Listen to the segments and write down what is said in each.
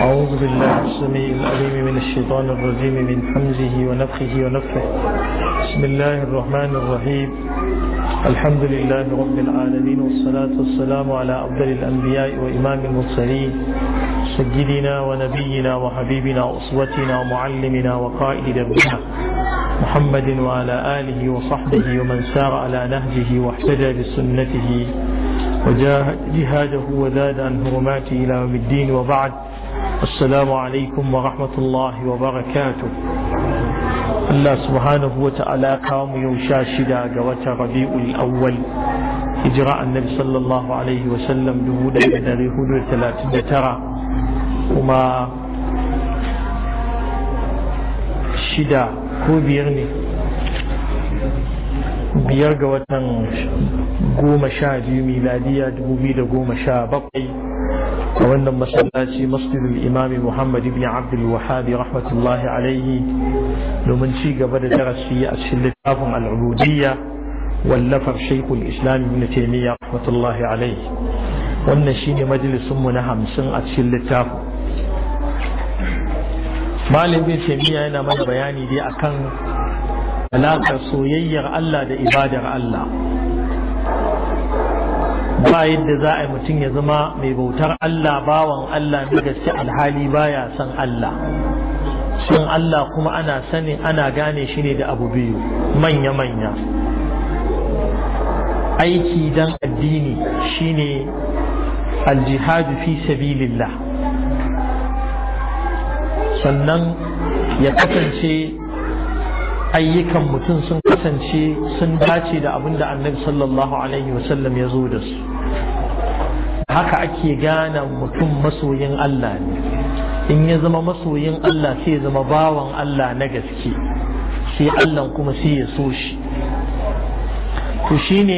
أعوذ بالله السميع العليم من الشيطان الرجيم من حمزه ونفخه ونفخه بسم الله الرحمن الرحيم الحمد لله رب العالمين والصلاة والسلام على أفضل الأنبياء وإمام المرسلين سيدنا ونبينا وحبيبنا وأسوتنا ومعلمنا وقائد دربنا محمد وعلى آله وصحبه ومن سار على نهجه واحتجى بسنته وجاهد جهاده وزاد عن هرماته إلى يوم الدين وبعد السلام عليكم ورحمة الله وبركاته الله سبحانه وتعالى قام يوشاشدا قوات ربيع الأول إجراء النبي صلى الله عليه وسلم دهودا بدري هدو ثلاثة ترى وما شدا هو بيرني biyar ga watan goma sha biyu miladiya dubu biyu da goma sha bakwai a wannan masallaci masjidul imami muhammad ibn abdul wahabi rahmatullahi alaihi domin ci gaba da darasi a cikin littafin al'ubudiyya wallafar shaikul islam ibn taimiyya rahmatullahi alaihi wannan shine majalisin mu na hamsin a cikin littafin malamin taimiyya yana mana bayani dai akan alaƙar soyayyar Allah da ibadar Allah ba yadda za a yi mutum ya zama mai bautar Allah bawan Allah da gaske alhali baya son Allah son Allah kuma ana sani ana gane shi ne da abu biyu manya-manya aiki dan addini shine aljihadu fi sabilillah sannan ya kasance ayyukan mutum sun kasance sun dace da abin da annabi sallallahu alaihi wasallam ya zo da su haka ake gane mutum masoyin Allah ne in ya zama masoyin Allah sai ya zama bawan Allah na gaske sai Allah kuma sai ya so shi to shine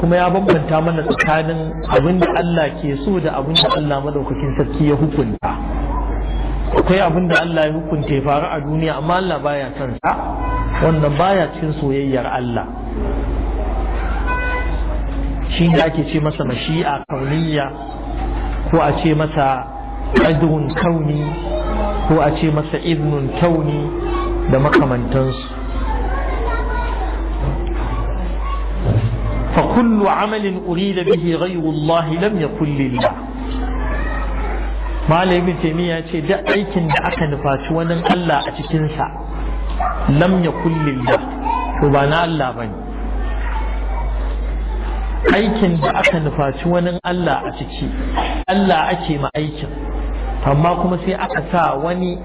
kuma ya bambanta mana tsakanin abin da Allah ke so da abin da Allah madaukakin sarki ya hukunta akwai abin da Allah ya hukunta ya faru a duniya amma Allah baya son sa wannan baya cikin soyayyar Allah shi da ake ce masa mashi'a kauniya ko a ce masa ƙadrun kauni ko a ce masa iznun kauni da makamantansu فكل عمل أريد به غير الله لم يكن لله ما لابن تيمية يقول da aikin da aka nufaci wani Allah a cikinsa lam ya da, to ba na Allah bane aikin da aka nufaci wani Allah a ciki Allah ake ma aikin amma kuma sai aka sa wani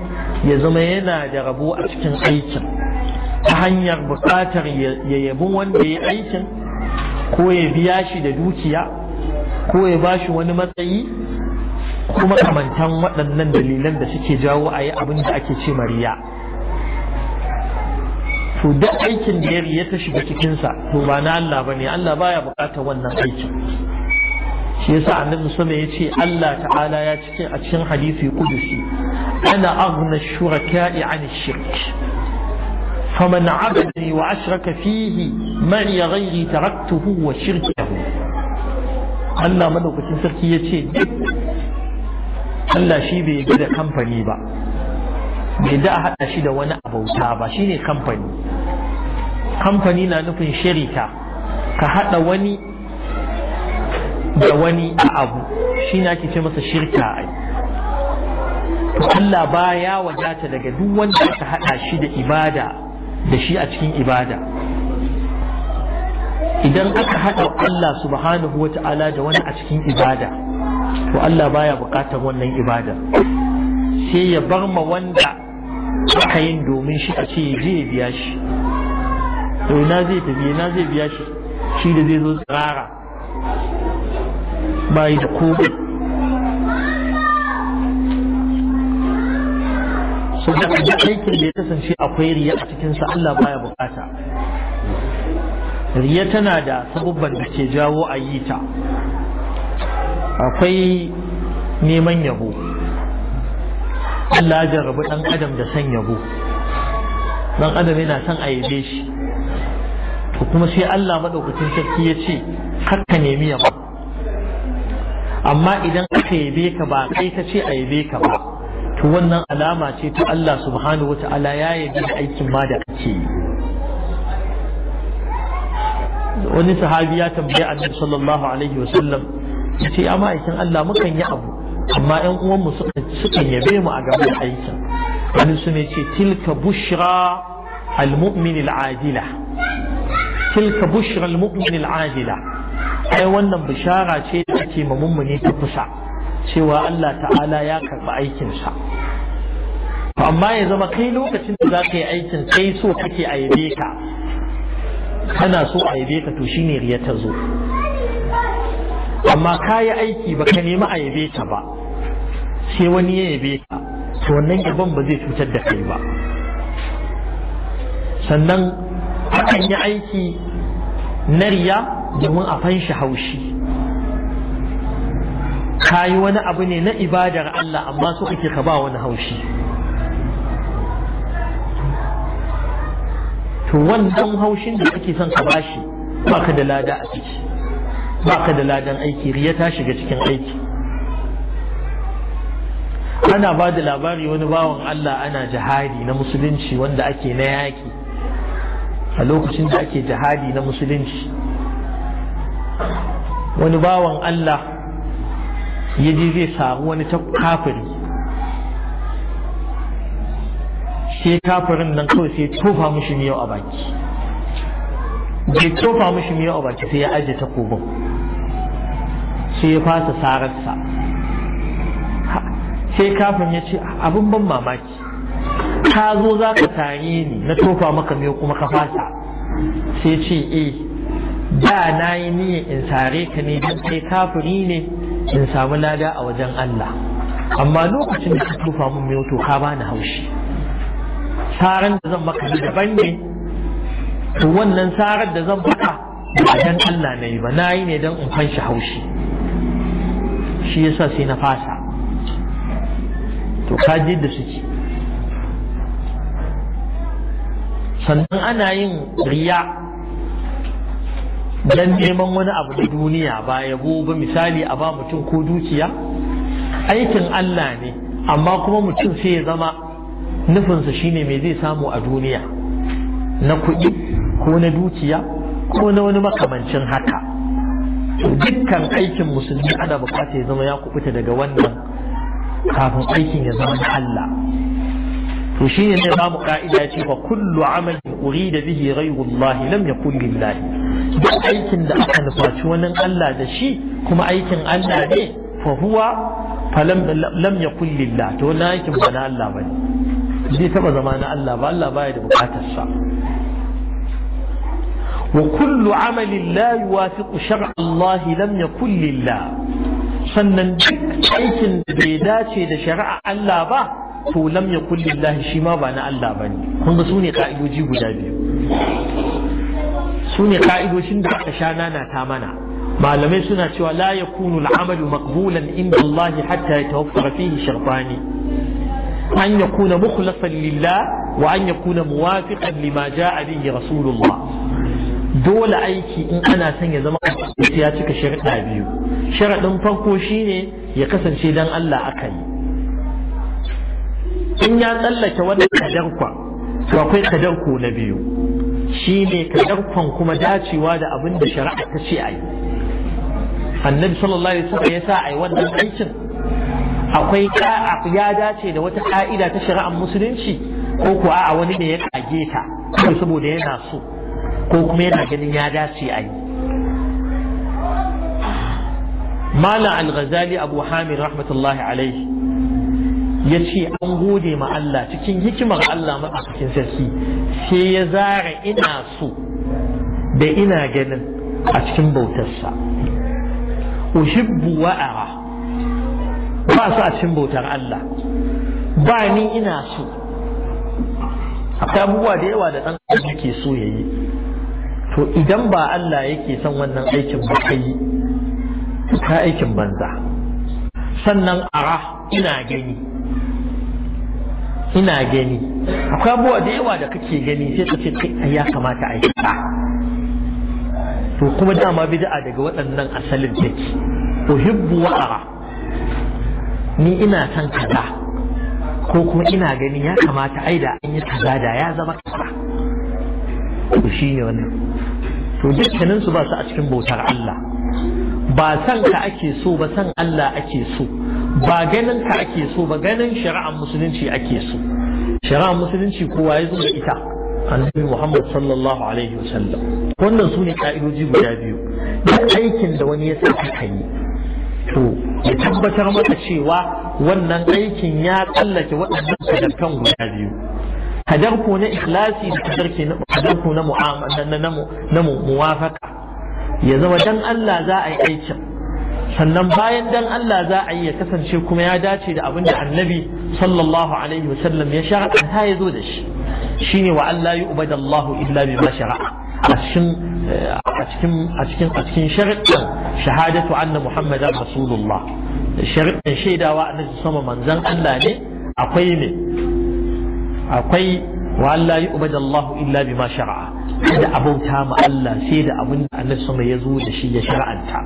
ya zama yana da rabo a cikin aikin ta hanyar buƙatar ya yabi wanda ya aikin ko ya biya shi da dukiya ko ya ba shi wani matsayi kuma kamantan waɗannan dalilan da suke jawo a yi abin da ake ce mariya to duk aikin da ya ta shiga cikin sa to ba na Allah bane Allah baya bukatar wannan aikin shi yasa annabi sama ya ce Allah ta'ala ya ce a cikin hadisi kudusi ana aghna shuraka'i an shirk faman abadani wa ashraka fihi man ya taraktuhu wa shirkahu Allah madaukakin sarki ya ce Allah shi bai ga da kamfani ba bai da hada shi da wani abauta ba shine kamfani kamfani na nufin shirika ka haɗa wani da wani abu shi na ake ce masa shirka ai to Allah baya wajata daga duk wanda aka haɗa shi da ibada da shi a cikin ibada idan aka haɗa Allah subhanahu wa ta'ala da wani a cikin ibada to Allah baya buƙatar wannan ibada sai ya bar ma wanda aka yin domin shi a ce ya biya shi to ina zai tafi ina zai biya shi shi da zai zo tsirara yi da komai su da aikin da ya kasance akwai riya a cikinsa Allah baya bukata riya tana da sabubban da ke jawo a yi ta akwai neman yabo Allah ya rabu ɗan adam da san yabo ɗan adam yana son a yabe shi to kuma sai Allah maɗaukacin sarki ya ce hakka nemi yabo amma idan aka yabe ka ba kai ka ce a yabe ka ba to wannan alama ce ta Allah subhanahu wa ta'ala ya yabe aikin ma da kake yi wani sahabi ya tambaye annabi sallallahu alaihi wa sallam ce amma aikin Allah mukan yi abu amma ƴan uwanmu sukan yabe mu a gaban aikin wani su ne ce tilka bushra al-mu'min al-adila tilka bushra muminin mumin al-adila ai wannan bishara ce da ake ma mummuni ta kusa cewa Allah ta'ala ya karɓi aikinsa. sa amma ya zama kai lokacin da za ka yi aikin kai so kake a yabe ka kana so a yabe ka to shine riya ta zo amma yi aiki ka nemi a yabe ba sai wani ya yabe ka to wannan yabon ba zai cutar da kai ba sannan akan yi aiki na riya domin a fanshi haushi ka yi wani abu ne na ibadar Allah amma so ake ka ba wani haushi to wannan haushin da kake son ka bashi ba ka da lada a ciki ba ka da ladan aiki riya ta shiga cikin aiki ana ba da labari wani bawan Allah ana jihadi na musulunci wanda ake na yaƙi a lokacin da ake jihadi na musulunci wani bawan Allah ya je zai samu wani kafiri sai kafirin nan kawai sai tofa mushi miyau a baki bai tofa mushi miyau a baki sai ya aje kogon, sai ya fasa sararsa sai kafin ya ce abin ban mamaki ka zo za ka tare ni na tofa maka mai kuma ka fasa sai ce e da na yi niyan in sare ka ne don kai kafiri ne in samu lada a wajen Allah amma lokacin da ka tofa min mai to ka bani haushi saran da zan maka daban ne to wannan sarar da zan maka ba dan Allah na yi ba na yi ne don in fanshi haushi shi yasa sai na fasa to kaji da suke sannan ana yin riya don neman wani abu da duniya ba yabo ba misali a ba mutum ko dukiya aikin Allah ne amma kuma mutum sai ya zama nufinsa shine mai zai samu a duniya na kuɗi ko na dukiya ko na wani makamancin haka dukkan aikin musulmi ana bukata ya zama ya kubuta daga wannan kafin aikin ya zama na Allah to shi ne ba mu ka'ida ce fa kullu uri da bihi ghayru lam yakun lillahi duk aikin da aka nufaci wani Allah da shi kuma aikin Allah ne fa huwa fa lam yakun lillah to na aikin ba na Allah bane zai taba zama na Allah ba Allah baya da bukatar sa wa kullu amalin la yuwafiqu shar'a Allah lam yakun lillah sannan duk aikin da bai dace da shari'a Allah ba to lam yakul lillahi shi ma ba na Allah bane kun ga sune ka'idoji guda biyu sune ka'idojin da aka sha nana ta mana malamai suna cewa la yakunu al'amalu maqbulan inda Allah hatta yatawaffara fihi shartani an yakuna mukhlasan lillah wa an yakuna muwafiqan lima ja'a bihi rasulullah dole aiki in ana son ya zama ya cika sharaɗa biyu sharaɗin farko shine ya kasance dan Allah aka yi in ya tsallake wannan kadankwa to akwai kadanko na biyu shi ne kadankon kuma dacewa da abin da shari'a ta ce a yi annabi sallallahu alaihi wasallam ya sa a yi wannan aikin akwai ya dace da wata ka'ida ta shari'ar musulunci ko kuwa a wani ne ya kage ta ko saboda yana so ko kuma yana ganin ya dace a yi malam al-ghazali abu hamid rahmatullahi alaihi ya ce an gode ma Allah cikin hikimar Allah cikin sarki sai ya zara ina so da ina ganin a cikin bautarsa uhibbu wa'ara ba su a cikin bautar Allah ba ni ina so akwai abubuwa da yawa da ɗan ƙasa yake so ya yi to idan ba Allah yake son wannan aikin ba kai ta aikin banza sannan ara ina gani ina gani akwai abubuwa da yawa da kake gani sai ka ce kai ya kamata a yi to kuma dama bid'a daga waɗannan asalin take hibbu wa ara ni ina son kaza ko kuma ina gani ya kamata ai da an yi kaza da ya zama kaza to shine wannan to dukkanin su ba su a cikin bautar Allah ba san ka ake so ba san Allah ake so ba ganin ka ake so ba ganin shari'ar musulunci ake so shari'ar musulunci kowa ya zo da ita annabi Muhammad sallallahu alaihi wasallam wannan sune ka'idoji guda biyu duk aikin da wani ya saka kai, to ya tabbatar maka cewa wannan aikin ya tsallake waɗannan kadarkan guda biyu kadarku na ikhlasi da kadarku na mu'amala na muwafaka ya zama dan Allah za a yi aikin sannan bayan dan Allah za a yi ya kasance kuma ya dace da abin da annabi sallallahu alaihi wasallam ya shara'a ta ya zo da shi shine wa Allah ya ubada Allah illa bima shara'a a cikin a cikin a cikin a cikin sharaɗin shahadatu anna muhammadan rasulullah sharaɗin shaidawa annabi sama manzon Allah ne akwai ne akwai wa Allah ya ubada Allah illa bi ma shara'a da abauta ma Allah sai da abin da Allah sama ya zo da shi ya sha'anta.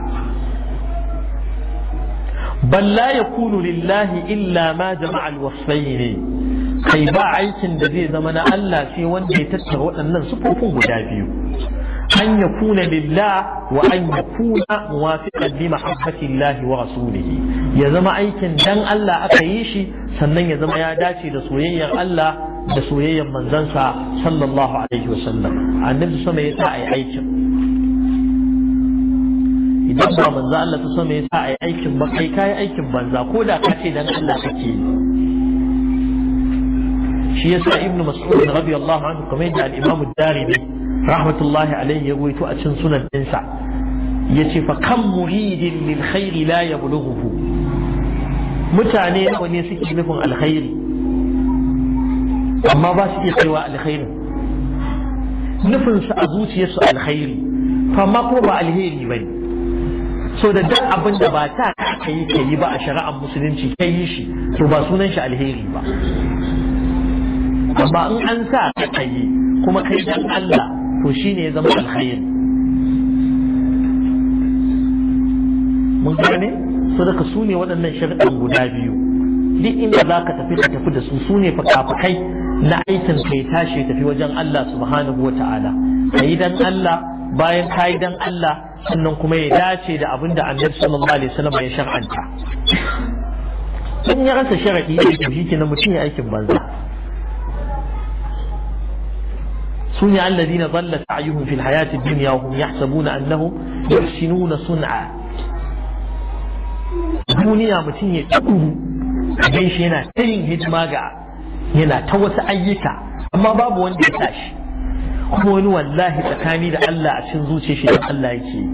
Balla ya kunu lillahi illa ma jama'a wasfai ne. kai ba aikin da zai zama na Allah sai wanda ya tattara waɗannan sufofin guda biyu an kuna lillah wa an yakuna muwafiqan bi mahabbatillahi wa rasulihi ya zama aikin dan Allah aka yi shi sannan ya zama ya dace da soyayyar Allah da soyayyar manzansa sallallahu alaihi wasallam annabi sama ya sa yi aikin idan ba manzo Allah sama ya sa yi aikin ba kai kai aikin banza ko da ka ce dan Allah kake shi yasa ibnu mas'ud radiyallahu anhu kamar da al-imam ad-darimi rahmatullahi alaihi ya ruwaito a cikin sunan dinsa yace fa kam muridin min khairi la yablughu mutane nawa ne suke nufin alkhairi amma ba su iya kaiwa alkhairi nufinsu a zuciyarsu alkhairi amma kuma ba alheri ba ne so da duk abin da ba ta ka yi ka yi ba a shari'ar musulunci ka yi shi to ba sunan shi alheri ba amma in an sa ka ka yi kuma kai dan Allah to shine ya zama alkhairi. mun gane so daga su ne waɗannan shari'ar guda biyu duk inda za ka tafi ka tafi da su su ne fakafakai na aikin ya tashi tafi wajen Allah subhanahu wa ta'ala yi dan Allah bayan yi dan Allah sannan kuma ya dace da abin da annabi sallallahu alaihi wasallam ya shar'anta in ya rasa sharadi to shikenan mutum ya aikin banza سنع الذين ضل سعيهم في الحياة الدنيا وهم يحسبون أنهم يحسنون suna duniya mutum ya ɗuɗu a gaishe yana ta yin hidima ga yana ta wasu ayyuka amma babu wanda ya tashi kuma wani wallahi tsakani da Allah a cikin zuciya shi don Allah yake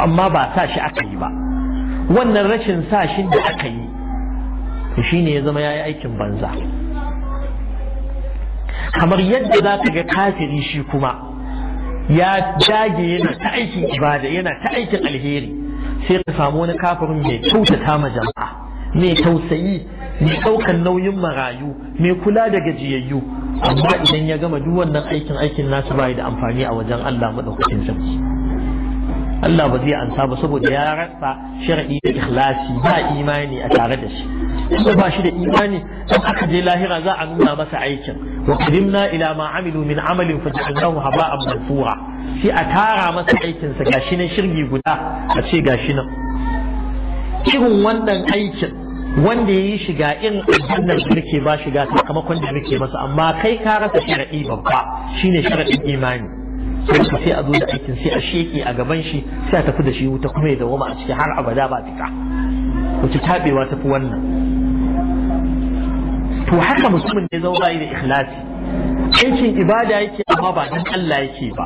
amma ba sa shi aka yi ba wannan rashin sa shi da aka yi shi ne ya zama ya yi aikin banza kamar yadda za ka ga kafiri shi kuma ya dage yana ta aikin ibada yana ta aikin alheri sai ka samu wani kafirin mai kyautata ma jama'a mai tausayi mai ɗaukan nauyin marayu mai kula da gajiyayyu amma idan ya gama duk wannan aikin aikin nasu bai da amfani a wajen Allah madaukakin sarki Allah ba zai ansa ba saboda ya rasa shar'i da ikhlasi ba imani a tare da shi inda ba shi da imani in aka je lahira za a nuna masa aikin wa qadimna ila ma amilu min amalin ja'alnahu haba'an mansura sai a tara masa aikin sa gashi ne shirgi guda a ce gashi nan irin wannan aikin wanda ya yi shiga irin aljannar da nake ba shiga sakamakon da nake masa amma kai ka rasa sharaɗi babba shine sharaɗin imani sai sai a zo da aikin sai a sheke a gaban shi sai a tafi da shi wuta kuma ya dawoma a ciki har abada ba fika wace tabewa tafi wannan to haka mutumin da ya yi da ikhlasi aikin ibada yake amma ba dan Allah yake ba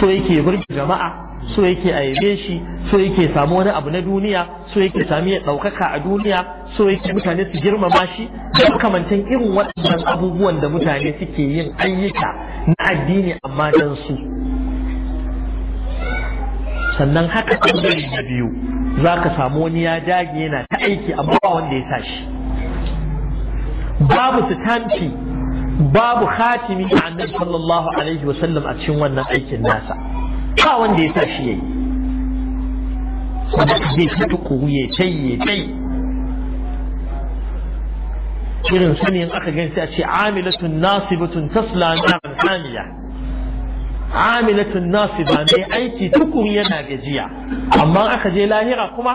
so yake burge jama'a so yake aibe shi so yake samu wani abu na duniya so yake sami ya ɗaukaka a duniya so yake mutane su girmama shi da makamantan irin waɗannan abubuwan da mutane suke yin ayyuka na addini amma don su sannan haka ɓangare na biyu za ka samu wani ya dage yana ta aiki amma ba wanda ya shi. babu su tamfi babu khatimi a annabi sallallahu alaihi wasallam a cikin wannan aikin nasa ba wanda ya sa shi yayi wanda zai fito kowu ya tai ya tai irin sani in aka gani sai a ce amilatun nasibatun tasla naran hamiya amilatun nasiba mai aiki tukun yana gajiya amma aka je lahira kuma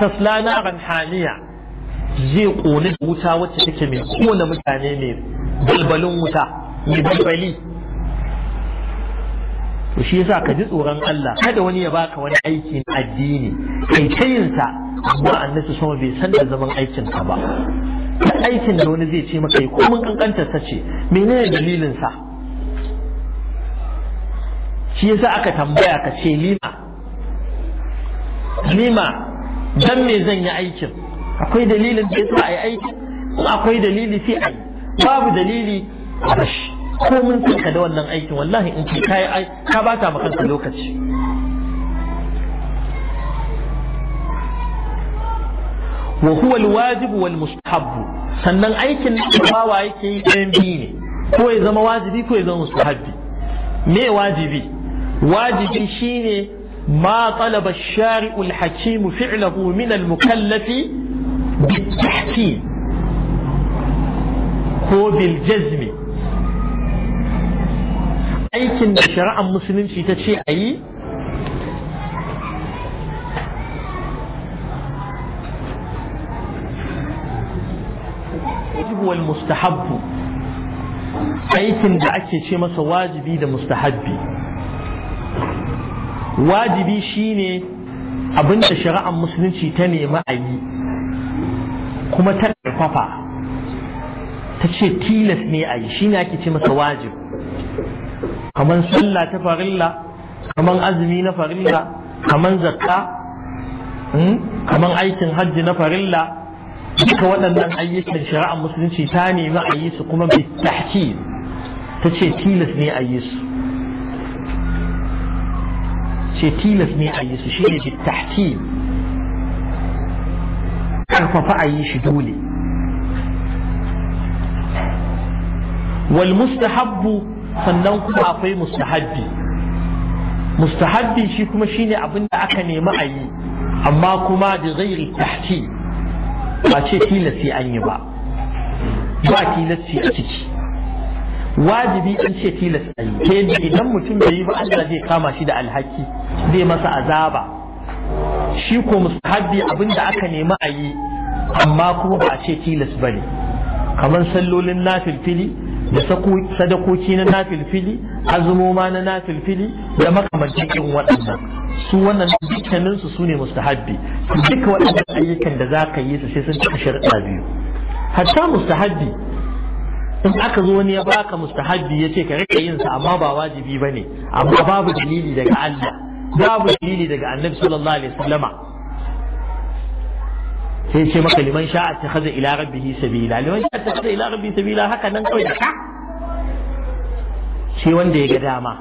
tasla naran hamiya zai ƙone da wuta wacce take mai kona mutane mai balbalin wuta mai balbali to shi yasa ka ji tsoron Allah kada wani ya baka wani aiki na addini kai sa amma annabi sama bai san da zaman aikin ka ba aikin da wani zai ce maka yi mun kankantar sa ce menene dalilin sa shi yasa aka tambaya ka ce lima lima dan me zan yi aikin akwai dalilin da yasa ai aikin akwai dalili sai ai babu dalili ko mun tsinka da wannan aikin wallahi in ce kai ka bata ma kanka lokaci wa huwa alwajib wal mustahab sannan aikin bawa yake yi ɗayan biyu ne ko ya zama wajibi ko ya zama mustahabbi me wajibi wajibi shine ما hakimu الشارع الحكيم فعله من المكلف بالتحكيم ko bil jazmi aikin da shari'ar musulunci ta ce a yi wal mustahabbu aikin da ake ce masa wajibi da mustahabbi wajibi shine abinda shari'ar musulunci ta nema a yi kuma ta ƙarfafa ta ce tilas ne a yi shi ne ake ce masa wajib kamar sallah ta farilla kamar azumi na farilla kamar zakka hmm, kamar aikin hajji na farilla duka waɗannan ayyukan shari'ar musulunci ta nemi a yi su kuma bai tahki ta ce tilas ne a yi su ce tilas ne a yi su shi ne bai tahki karfafa a yi shi dole wal mustahabbu sannan kuma akwai mustahabbi mustahabbi shi kuma shine abin da aka nemi a yi amma kuma da zairi tahti ba ce tilasi an yi ba ba tilasi a ciki wajibi an ce tilas ayi. yi ta yadda idan mutum bai yi ba Allah zai kama shi da alhaki zai masa azaba shi ko mustahabbi abin da aka nemi a yi amma kuma ba a ce tilas ba ne kamar sallolin nafilfili da sadakoki na nafilfili azumoma na nafilfili da makamancin irin waɗannan su wannan dukkanin su sune mustahabbi duka waɗannan ayyukan da za ka yi su sai sun ci sharɗa biyu hatta mustahabbi in aka zo wani ya baka mustahabbi ya ce ka rika yin sa amma ba wajibi bane amma babu dalili daga Allah babu dalili daga Annabi sallallahu alaihi wasallama sai ce maka liman sha'a ta haza ila rabbihi sabila liman sha'a ta haza ila rabbihi sabila haka nan kawai da ka shi wanda ya ga dama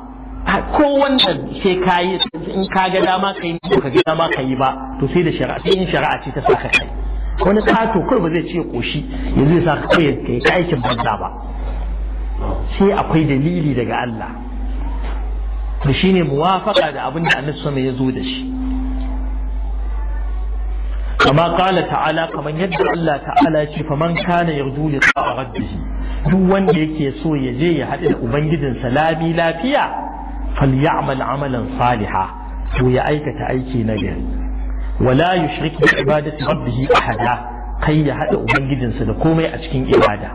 a wanda sai ka in ka ga dama ka yi ko ka ga dama ka yi ba to sai da shari'a sai in shari'a ce ta saka kai wani kato kai ba zai ce koshi yanzu ya saka kai, ka aikin banza ba sai akwai dalili daga Allah to shine muwafaqa da abin da Annabi ya zo da shi kama kala ta'ala kamar yadda Allah ta'ala ce faman kana yarju liqa duk wanda yake so ya je ya haɗu da ubangijinsa labi lafiya falyamal amalan saliha to ya aikata aiki na gari wala yushrik bi ibadati rabbih ahada kai ya haɗa ubangijinsa da komai a cikin ibada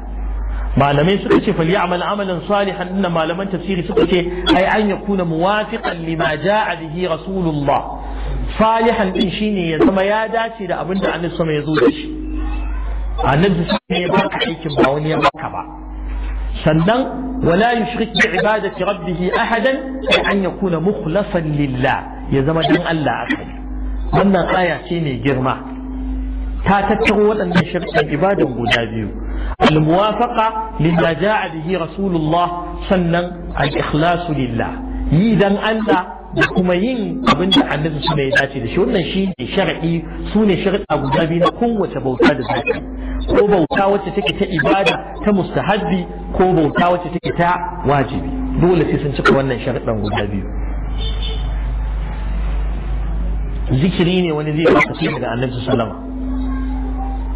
malamai suka ce falyamal amalan salihan inna malaman tafsiri suka ce ai an yakuna muwafiqan lima ja'a bihi rasulullah salihan din shine ya zama ya dace da abin da sama ya zo da shi annabi ya baka aikin ba wani ya baka ba sannan wala yushrik bi ibadati rabbih ahadan an yakuna mukhlasan lillah ya zama dan Allah akai wannan aya ce mai girma ta tattaro waɗannan shirkin ibadan guda biyu al-muwafaqa lilla ja'a bihi rasulullah sannan al-ikhlasu lillah yi dan Allah da kuma yin abin da annabi dace da shi wannan shi ne shar'i su ne shar'a guda biyu na kowace bauta da zaki ko bauta wacce take ta ibada ta mustahabbi ko bauta wacce take ta wajibi dole sai sun cika wannan sharɗan guda biyu zikiri ne wani zai baka sai daga annabi sallama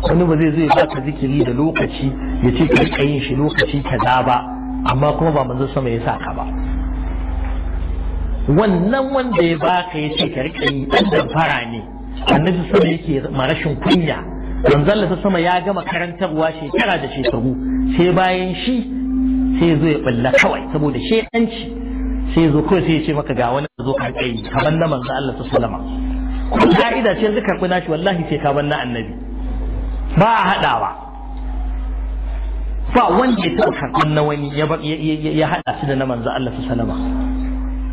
wani ba zai zai baka zikiri da lokaci ya ce ka yin shi lokaci kaza ba amma kuma ba manzon sama ya sa ba wannan wanda ya baka ya ce ka riƙa yi dan damfara ne annabi sama yake marashin kunya manzon ta sama ya gama karantarwa shekara da shekaru sai bayan shi sai zo ya balla kawai saboda shedanci sai zo kawai sai ya ce maka ga wani zo ka yi kamar na manzon Allah ta sallama ko ka'ida ce yanzu karɓi nashi wallahi sai kamar na annabi ba a haɗawa ba wanda ya taɓa karɓar na wani ya haɗa shi da na manzo Allah su salama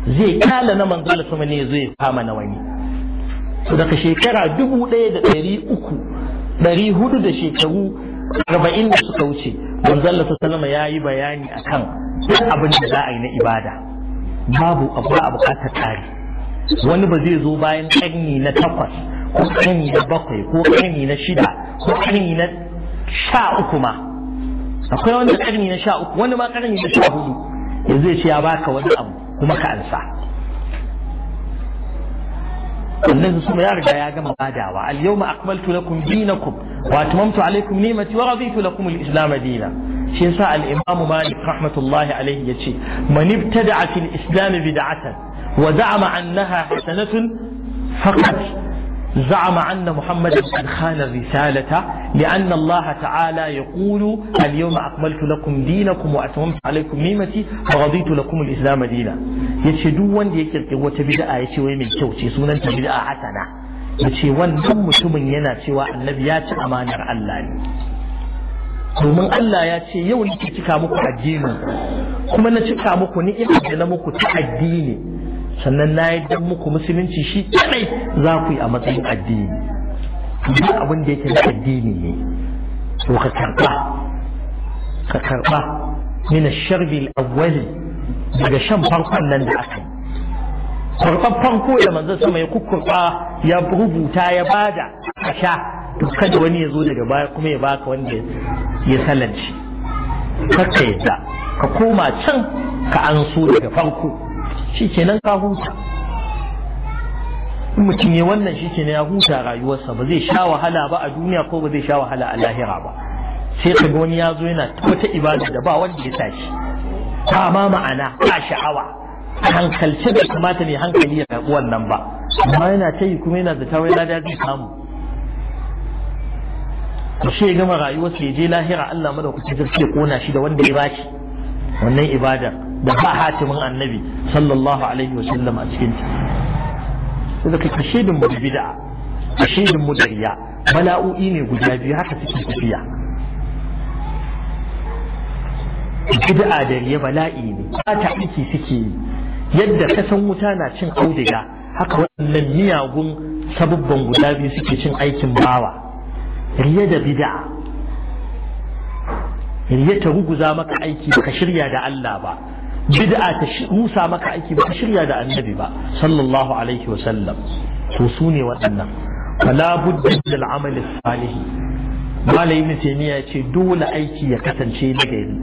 zai kyala na manzala sama ne zai kama na wani daga shekara dubu ɗaya da ɗari uku ɗari hudu da shekaru arba'in da suka wuce manzala ta salama ya yi bayani a kan abin da za a yi na ibada babu abu a buƙatar tsari wani ba zai zo bayan ƙarni na takwas ko ƙarni na bakwai ko ƙarni na shida ko ƙarni na sha uku ma akwai wanda karni na sha uku wani ma karni na sha hudu ya ce ya baka wani abu kuma ka ansa annabi su ya riga ya gama badawa al yawma akmaltu lakum dinakum wa atmamtu alaykum ni'mati wa raditu lakum al islam dina shi yasa al imam malik rahmatullahi alayhi yace man ibtada'a fil islam bid'atan wa da'ama annaha hasanatun faqad زعم أن محمدا قد خان الرسالة لأن الله تعالى يقول اليوم أقبلت لكم دينكم وأتممت عليكم نعمتي ورضيت لكم الإسلام دينا yace duk wanda ya kirkiri wata bida'a ya ce wa mai kyau ce sunan ta bid'a hasana yace wannan mutumin yana cewa annabi ya ci amanar Allah ne domin Allah ya ce yau nake cika muku addini kuma na cika muku ni'ima da na muku ta addini sannan na yadda muku musulunci shi kadai za ku yi a matsayin addini duk abin da yake na addini ne to ka karɓa ka karɓa min sharbi al-awwali daga shan farkon nan da aka yi farko da manzon sama ya kukkurba ya rubuta ya bada a sha to kada wani ya zo daga baya kuma ya baka wanda ya salanci ka yadda ka koma can ka an so daga farko shi kenan ka huta in mutum ya wannan shi ke ya huta rayuwarsa ba zai sha wahala ba a duniya ko ba zai sha wahala a lahira ba sai ka wani ya zo yana wata ibada da ba wanda ya tashi ta ma ma'ana ta sha'awa a hankalce da kamata ne hankali ya karɓi wannan ba amma yana ta yi kuma yana ta wai lada zai samu to shi ya gama rayuwarsa ya je lahira Allah madaukakin sarki ya kona shi da wanda ya bashi wannan ibada da ba hatimin annabi sallallahu alaihi wa sallam a cikin sai ka kashedin mu da bid'a mu da riya bala'o'i ne guda biyu haka suke tafiya bid'a da riya bala'i ne ba ta aiki suke yi yadda kasan wuta na cin auduga haka waɗannan miyagun sabubban guda biyu suke cin aikin bawa riya da bid'a riya ta ruguza maka aiki baka shirya da Allah ba bid'a ta rusa maka aiki ba ta shirya da annabi ba sallallahu alaihi wa sallam to su ne waɗannan fala budda lil amal salih malai ibn taymiya dole aiki ya kasance na gari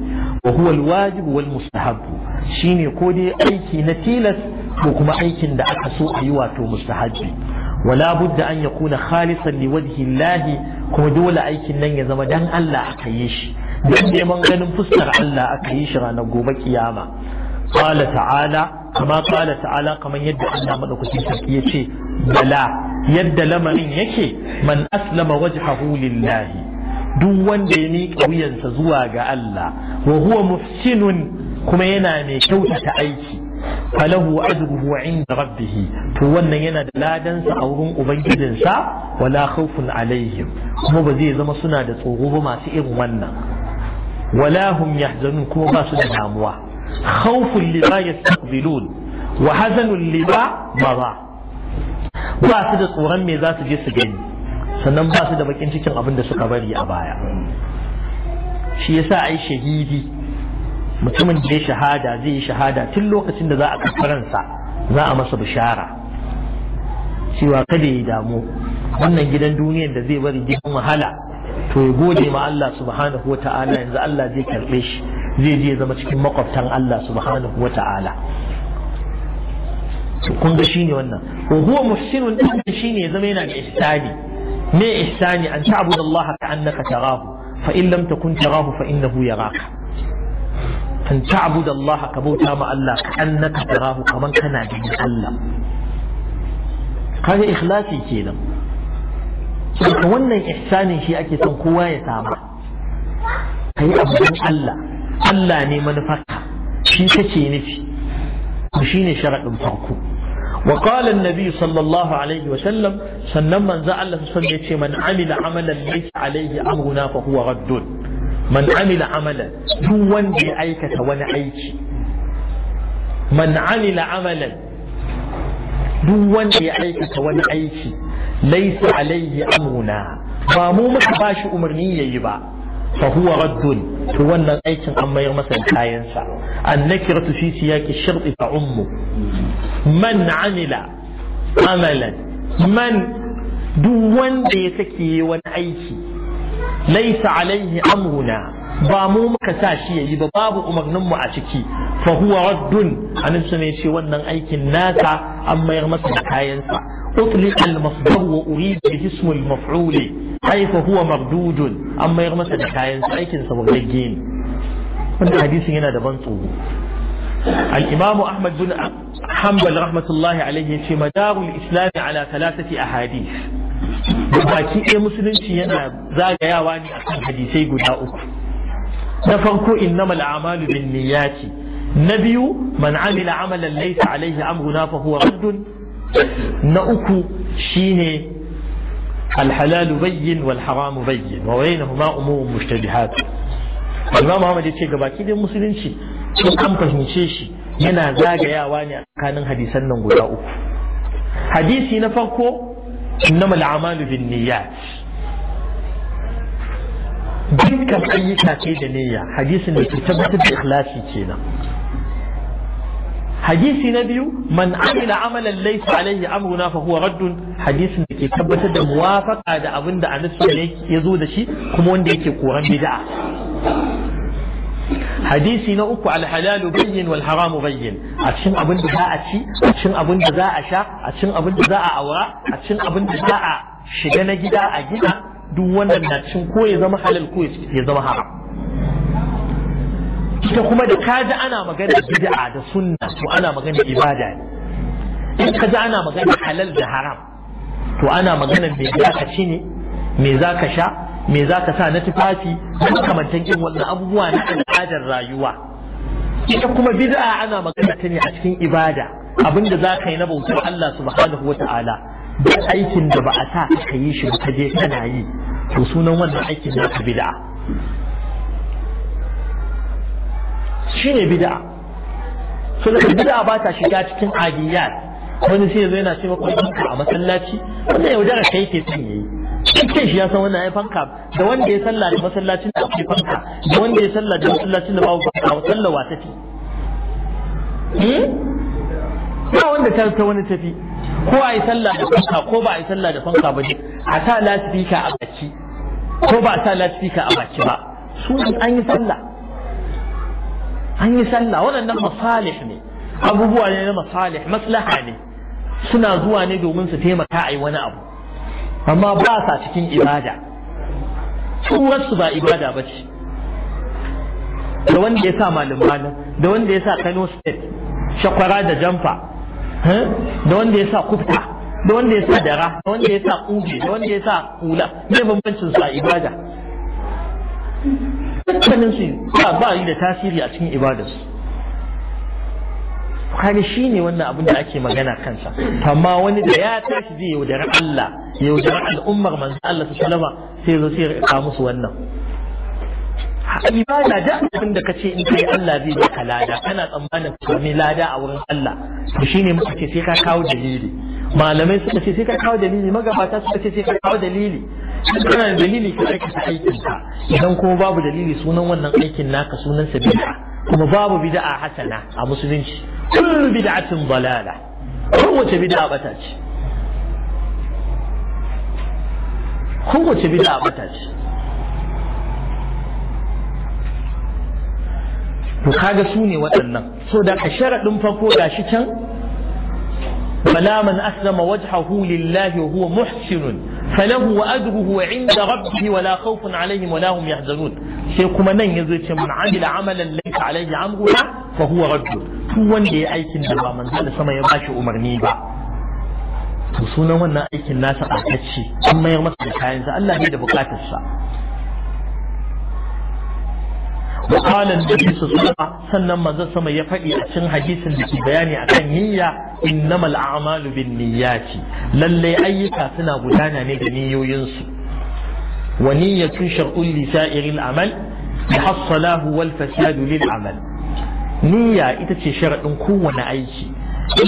wa huwa al wajib wal mustahab shine ko dai aiki na tilas ko kuma aikin da aka so a yi wato mustahabbi wala budda an yakuna khalisan li Allah kuma dole aikin nan ya zama dan Allah aka yi shi don neman ganin fuskar Allah aka yi shi ranar gobe kiyama qala ta'ala kama qala ta'ala kamar yadda Allah madaukakin sarki yace bala yadda lamarin yake man aslama wajhahu lillahi duk wanda ya miƙa wuyansa zuwa ga Allah wa huwa muhsinun kuma yana mai kyautata aiki falahu ajruhu inda rabbih to wannan yana da ladansa a wurin ubangijinsa wala khawfun alaihim kuma ba zai zama suna da tsoro ba masu irin wannan walahum hum yahzanun kuma ba su da damuwa khawfun liba yastaqbilun wa hazanun lima mara ba su da tsoron me za su je su gani sannan ba su da bakin cikin abin da suka bari a baya shi yasa ai shahidi mutumin da ya shahada zai yi shahada tun lokacin da za a kafaransa za a masa bishara cewa kada ya damu wannan gidan duniyar da zai bari gidan wahala to ya gode ma Allah subhanahu wa ta'ala yanzu Allah zai karɓe shi zai je zama cikin makwabtan Allah subhanahu wa ta'ala kun ga shine wannan wa huwa muhsinun din shine ya zama yana da ihsani me ihsani an ta'budu Allah ka annaka tarahu fa in lam takun tarahu fa innahu yaraka an ta'budu Allah ka bauta ma Allah ka tarahu kaman kana ganin Allah kaga ikhlasi kenan sai wannan ihsanin shi ake son kowa ya samu kai abin Allah Allah ne manufarka shi kake nufi to shine sharadin farko wa qala an sallallahu alaihi wa sallam sannan manzo Allah sun ya ce man amila amalan laysa alaihi amruna fa huwa raddun man amila amalan duk wanda duk wanda ya aikata wani aiki Laisa alaihi amuna ba mu muka bashi umarni yayi ba fa huwa raddun to wannan aikin an mayar masa kayan sa annakiratu fi siyaqi shart fa ummu man amila amalan man duk wanda ya take wani aiki Laisa alaihi amuna ba mu muka sa shi yayi ba babu umarnin mu a ciki fa huwa raddun annabi ce wannan aikin nasa an mayar masa da kayansa أطلق المصدر وأريد به اسم المفعول أي فهو مردود أما يغمس دكاين سأيكن سبغلقين من حديث هنا دبنته الإمام أحمد بن حنبل رحمة الله عليه في مدار الإسلام على ثلاثة أحاديث baki ɗaya musulunci yana zagayawa ne a kan hadisai guda uku na farko innamal a'malu bin niyyati na biyu man amila amalan laysa alaihi amruna fa huwa raddun na uku shine alhalalu bayyin wal haramu bayyin wa huma umurun mushtabihat Imam Muhammad ya ce gabaki dai musulunci sun an fahimce shi yana zagayawa ne a tsakanin hadisan nan guda uku hadisi na farko innama al'amalu bin niyyat dukkan ayyuka kai da niyya hadisin da ke tabbatar da ikhlasi kenan hadisi na biyu man amila amalan laysa alaihi amruna fa huwa raddun hadisin da ke tabbatar da muwafaqa da abinda da annabi ya zo da shi kuma wanda yake koran bid'a hadisi na uku alhalalu bayyin wal haramu bayyin a cikin abin da za a ci a cikin abin da za a sha a cikin abin da za a aura a cikin abin da za a shiga na gida a gida duk wannan na cikin ko ya zama halal ko ya zama haram ita kuma da kaji ana magana bid'a da sunna to ana magana ibada ne in ji ana magana halal da haram to ana magana me zaka ci ne me ka sha me zaka sa na tufafi makamantan irin wannan abubuwa na al'adar rayuwa ita kuma bid'a ana magana ta ne a cikin ibada abinda ka yi na bautar Allah subhanahu wata'ala da aikin da ba a sa ka yi shi ba ka je kana yi to sunan wannan aikin ka bid'a Shi ne bid'a so da bid'a ba ta shiga cikin adiyat wani sai yazo yana cewa kai fanka a masallaci wannan ka kai ke son yayi cikin shi ya san wannan ai fanka da wanda ya sallah da masallacin da ake fanka da wanda ya sallah da masallacin da babu fanka sallah wa tafi hmm? ba wanda ta ta wani tafi ko a yi sallah da fanka ko ba a yi sallah da fanka ba ne a sa lasifika a baki ko ba a sa lasifika a baki ba su an yi sallah an yi sallah waɗannan masalih ne abubuwa ne na masalih maslaha ne suna zuwa ne domin su taimaka a yi wani abu amma ba sa cikin ibada tsuwarsu ba ibada ba ce da wanda ya sa malumana da wanda ya sa kano state shakwara da jamfa da wanda ya sa kufta da wanda ya sa dara da wanda ya sa ƙuge da wanda ya sa kula ne bambancin sa a ibada dukkanin su ba yi da tasiri a cikin ibadarsu kwani shi ne wannan abin da ake magana kansa amma wani da ya tashi zai yaudari Allah yaudari al'ummar manzo Allah ta salama sai zo sai ya musu wannan ibada da abin da kace in kai Allah zai baka lada kana tsammanin ka mai lada a wurin Allah to shine muka ce sai ka kawo dalili malamai suka ce sai ka kawo dalili magabata suka ce sai ka kawo dalili kana da dalili ka aikata aikin ka idan kuma babu dalili sunan wannan aikin naka sunan sa bid'a kuma babu bid'a hasana a musulunci kull bid'atin dalala kowace bid'a bata ce kowace bid'a bata ce to kaga su ne waɗannan so da ka sharaɗin farko shi can bala man aslama wajhahu lillahi wa huwa muhsinun falahu wa ajruhu inda rabbih wala khawfun alaihim wala hum yahzanun sai kuma nan yazo ce man amila amalan laysa alaihi amruna fa huwa raddun duk wanda ya aikin da ba manzo da sama ya bashi umarni ba to sunan wannan aikin nasa ɓatacce an mayar masa da kayansa Allah ne da bukatarsa وقال النبي صلى الله sannan maza sama ya faɗi a cikin hadisin da ke bayani akan niyya innamal a'malu bin niyyati lalle ayyuka suna gudana ne ga niyoyinsu wa niyyatu shar'un li sa'iril amal tahassalahu wal fasadu lil amal niyya ita ce sharadin kowane aiki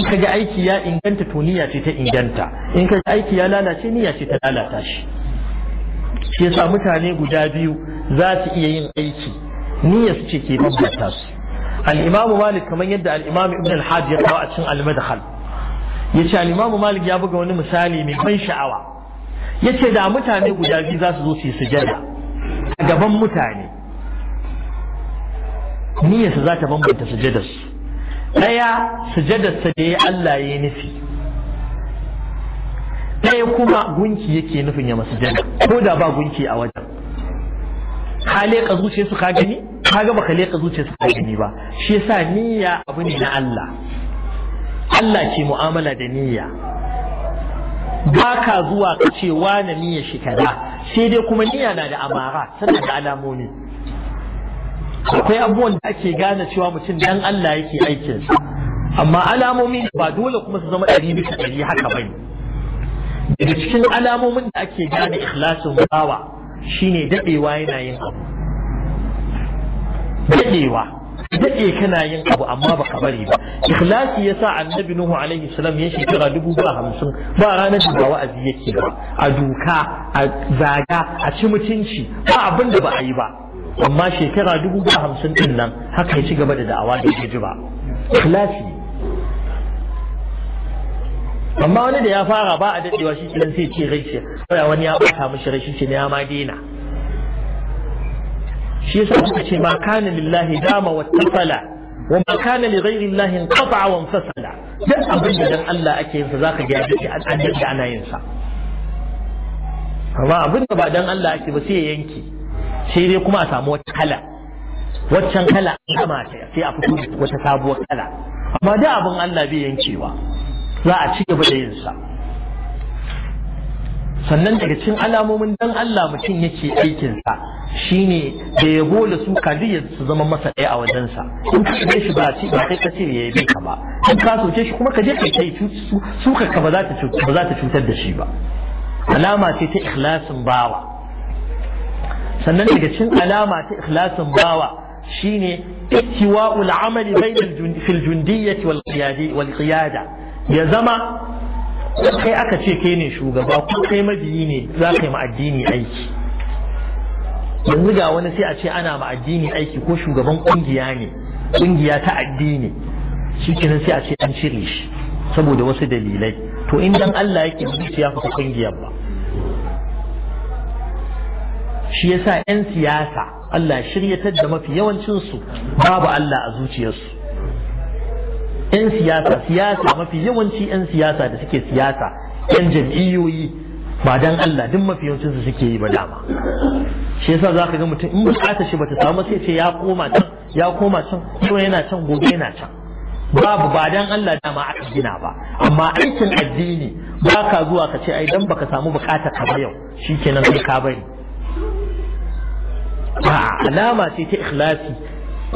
in kaga aiki ya inganta to niyya ce ta inganta in ka kaga aiki ya lalace niyya ce ta lalata shi shi yasa mutane guda biyu za su iya yin aiki niyyar su ce ke bambanta su al'imamu malik kamar yadda al'imamu ibn al-hajj ya kawo a cikin al-madkhal yace ce al'imamu malik ya buga wani misali mai ban sha'awa yace da mutane guda biyu za su zo su yi sujada a gaban mutane niyyar su za ta bambanta sujadar su daya sujadar sa da ya Allah ya nufi ɗaya kuma gunki yake nufin ya masu jana ko da ba gunki a wajen ka leƙa zuciya su ka gani ka ga baka leƙa zuciya su ka gani ba shi yasa niyya abu ne na Allah Allah ke mu'amala da niyya ba ka zuwa ka ce wani niyya shi kaza sai dai kuma niyya na da amara tana da alamomi akwai abubuwan da ake gane cewa mutum dan Allah yake aikin su, amma alamomi ba dole kuma su zama ɗari bisa ɗari haka bane daga cikin alamomin da ake gane ikhlasin bawa shine dadewa yana yin abu dadewa dade kana yin abu amma baka bari ba ikhlasi yasa annabi nuhu alaihi salam ya shekara dubu ba ba ranar da ba wa'azi yake ba a duka a zaga a ci mutunci ba abin da ba a yi ba amma shekara dubu ba din nan haka ya ci gaba da da'awa da ke ji ba ikhlasi amma wani da ya fara ba a daɗewa shi kenan sai ce rai ce kawai wani ya bata mishi rai shi ce ya ma daina shi yasa suka ce ma kana lillahi dama tafala wa ma kana li ghairi llahi qata'a wa fasala duk abin da dan Allah ake yin sa zaka ga yadda an an ana yin sa amma abin da ba dan Allah ake ba sai ya yanke sai dai kuma a samu wata kala waccan kala an gama sai a fito wata sabuwar kala amma da abin Allah bai yankewa za a ci gaba da yin sa sannan daga cikin alamomin dan Allah mutum yake aikin sa shine da ya gole su kadiya su zama masa ɗaya a wajen sa in ka shige shi ba ci ba kai ka ce ya yi ka ba in ka soke shi kuma ka je kai kai su ka ba za ta ba za ta cutar da shi ba alama ce ta ikhlasin bawa sannan daga cikin alama ta ikhlasin bawa shine ittiwa'ul amali bainal fil jundiyyati wal qiyada ya zama kai aka ce kai ne shugaba ko kai majiyi ne za ka yi ma'addini aiki yanzu ga wani sai a ce ana ma'addini aiki ko shugaban kungiya ne kungiya ta addini shi kenan sai a ce an cire shi saboda wasu dalilai to in dan Allah yake zuciya fita kungiyar ba shi yasa 'yan siyasa Allah shiryatar da mafi yawancinsu babu Allah a zuciyarsu 'yan siyasa siyasa mafi yawanci 'yan siyasa da suke siyasa 'yan jam'iyyoyi ba dan Allah duk mafi yawancin suke yi ba dama shi yasa ka ga mutum in bukata shi ba ta samu sai ce ya koma can ya koma can yau yana can gobe yana can babu ba dan Allah dama aka gina ba amma aikin addini ba ka zuwa ka ce ai dan baka samu bukata ka ba yau shikenan sai ka bari a alama ce ta ikhlasi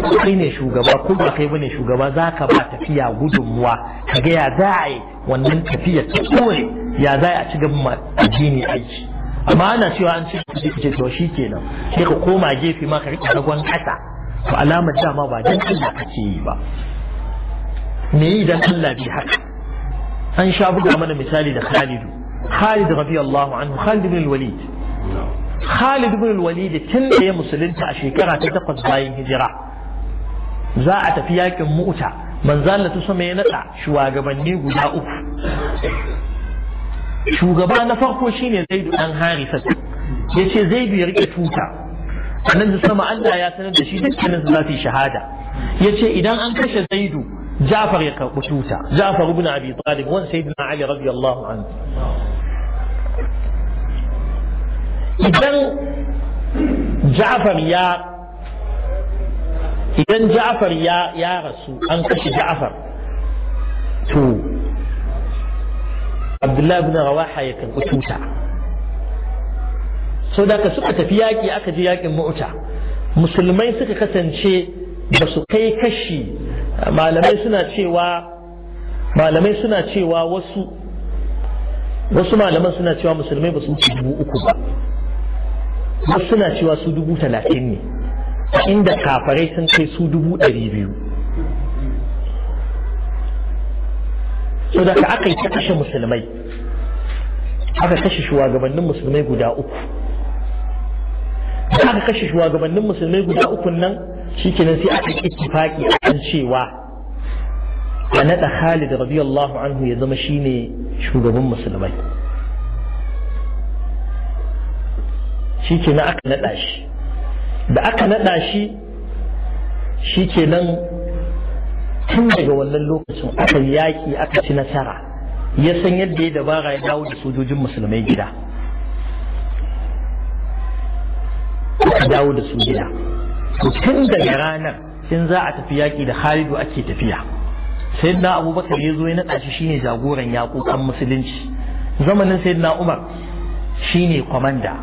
kai ne shugaba ko ba kai bane shugaba za ka ba tafiya gudunmuwa ka ga ya za a yi wannan tafiya ta dole ya za a ci gaban addini aiki amma ana cewa an ci kuɗi ce to shi kenan sai ka koma gefe ma ka riƙe ragon ƙasa to alamar dama ba dan Allah kake yi ba me yi dan Allah bi haka an sha buga mana misali da Khalidu Khalid radiyallahu anhu Khalid ibn al-Walid Khalid ibn al-Walid tun da ya musulunta a shekara ta takwas bayan hijira za a tafi yakin mu'uta manzala ta sama ya nada shugabanni guda uku shugaba na farko shine zaidu dan harisa ya ce zaidu ya rike tuta annan da sama Allah ya sanar da shi dukkanin su za su yi shahada ya ce idan an kashe zaidu Jafar ya karɓi tuta Jafar ibn Abi Talib wan sayyidina Ali radiyallahu anhu idan Jafar ya idan ja'far ya ya rasu an kashe ja'far to abdullahi ibn rawaha ya karɓi tuta So da suka tafi yaƙi aka je yaƙin mu'ta musulmai suka kasance ba su kai kashi malamai suna cewa malamai suna cewa wasu wasu malaman suna cewa musulmai ba su wuce dubu uku ba wasu suna cewa su dubu talatin ne inda kafarai sun kai su dubu ɗari biyu so da ka aka yi ta kashe musulmai aka kashe shugabannin musulmai guda uku da aka kashe shugabannin musulmai guda uku nan shikenan sai aka ittifaki a kan cewa a naɗa Khalid radiyallahu anhu ya zama shine shugaban musulmai shikenan aka naɗa shi da aka naɗa shi shi ke nan tun daga wannan lokacin aka yaƙi aka ci nasara ya san yadda ya dabara ya dawo da sojojin musulmai gida aka dawo da su gida tun daga ranar in za a tafi yaƙi da halidu ake tafiya sai na abubakar ya zo ya naɗa shi shine jagoran yaƙo kan musulunci zamanin sai na umar shine kwamanda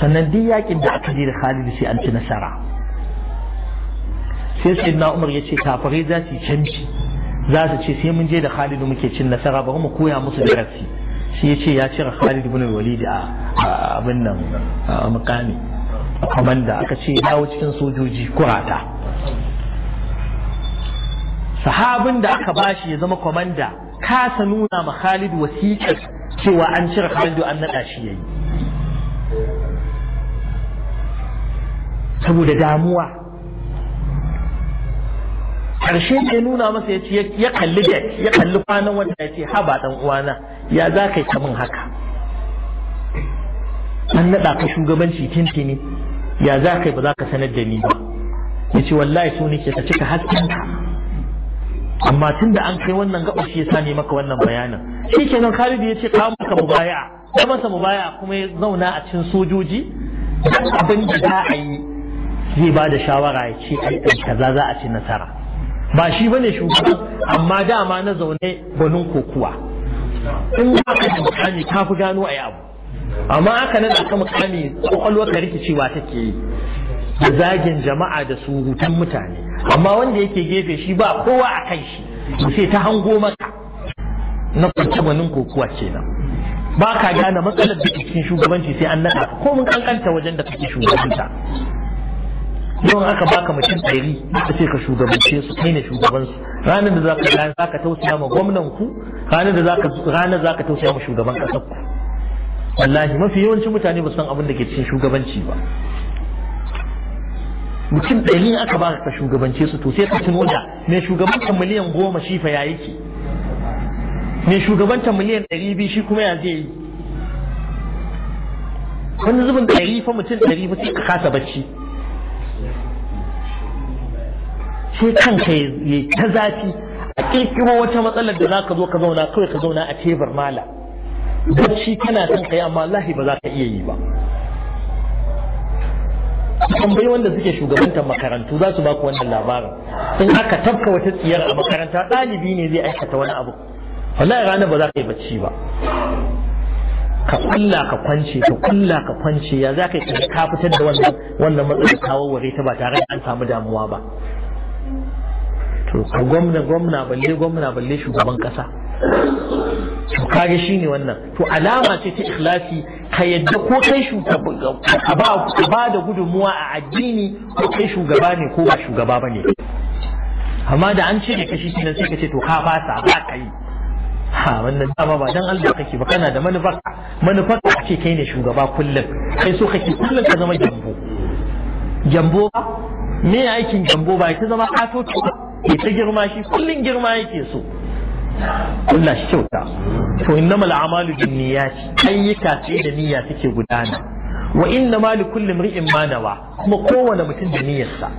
sannan duk yakin da aka je da Khalid sai an ci nasara sai sai na Umar ya ce kafirai za su yi canci za su ce sai mun je da Khalid muke cin nasara bari mu koya musu darasi shi yace ya cire Khalid ibn Walid a abin nan a mukami a komanda aka ce ya dawo cikin sojoji kurata sahabin da aka bashi ya zama komanda kasa nuna ma Khalid wasiƙar cewa an cire Khalid an naɗa shi yayi saboda damuwa ƙarshe ya nuna masa ya ce ya kalli da ya kalli kwanan wanda ya ce ha ba ɗan uwana ya za ka yi kamun haka an naɗa ka shugabanci tintini ya za ka yi ba za ka sanar da ni ba ya ce wallahi so nake ka cika hasken amma tun da an kai wannan gaɓa shi ya sa ne maka wannan bayanin shi kenan kalibi ya ce kawo maka mubaya ya masa mubaya kuma ya zauna a cikin sojoji abin da za a yi zai ba da shawara ya ce a yi kaza za a ci nasara ba shi ba ne shugaba amma dama na zaune gwanin kokuwa in ba ka da mukami ka fi gano a yi abu amma aka nan aka mukami kwakwalwa ka rikicewa take yi da zagin jama'a da surutan mutane amma wanda yake gefe shi ba kowa a kan shi sai ta hango maka na kwanci gwanin kokuwa kenan ba ka gane matsalar da cikin shugabanci sai an naɗa ko mun kankanta wajen da kake shugabanta yau aka baka mutum ɗari aka ce ka shugabance su kai ne shugabansu ranar da zaka ka zaka tausaya ma gwamnanku ranar da zaka ranar zaka tausaya ma shugaban kasar ku wallahi mafi yawancin mutane ba san abin da ke cikin shugabanci ba mutum ɗari aka baka ka shugabance su to sai ka tuno da mai shugabantar miliyan goma shi fa ya yake mai shugabantar miliyan ɗari biyu shi kuma ya zai yi wani zubin ɗari fa mutum ɗari ba sai ka kasa bacci sai kanka ya ta zafi a kirkiro wata matsalar da za ka zo ka zauna kawai ka zauna a tebur mala bacci kana son ka yi amma lahi ba za ka iya yi ba tambayi wanda suke shugabantar makarantu za su baku wannan labarin in aka tafka wata tsiyar a makaranta ɗalibi ne zai aikata wani abu wallahi rana ba za ka yi bacci ba ka kulla ka kwance ka kulla ka kwance ya za ka yi ka fitar da wannan wannan matsalar kawo ta ba tare da an samu damuwa ba to ko gwamna gwamna balle gwamna balle shugaban kasa to kage shine wannan to alama ce ta ikhlasi ka yadda ko kai shugaba a ba da gudunmuwa a addini ko kai shugaba ne ko ba shugaba bane amma da an ce da kashi shi sai ka ce to ka sa ba ka ha wannan dama ba dan Allah kake ba kana da manufa manufar ka ce kai ne shugaba kullum kai so kake kullum ka zama jambo jambo ba me aikin jambo ba ta zama katoto ba ta girma shi kullum girma yake so Allah shi kyauta to innamal a'malu binniyati ayyuka ce da niyya take gudana wa inna ma likulli imri'in ma nawa kuma kowane mutum da niyyarsa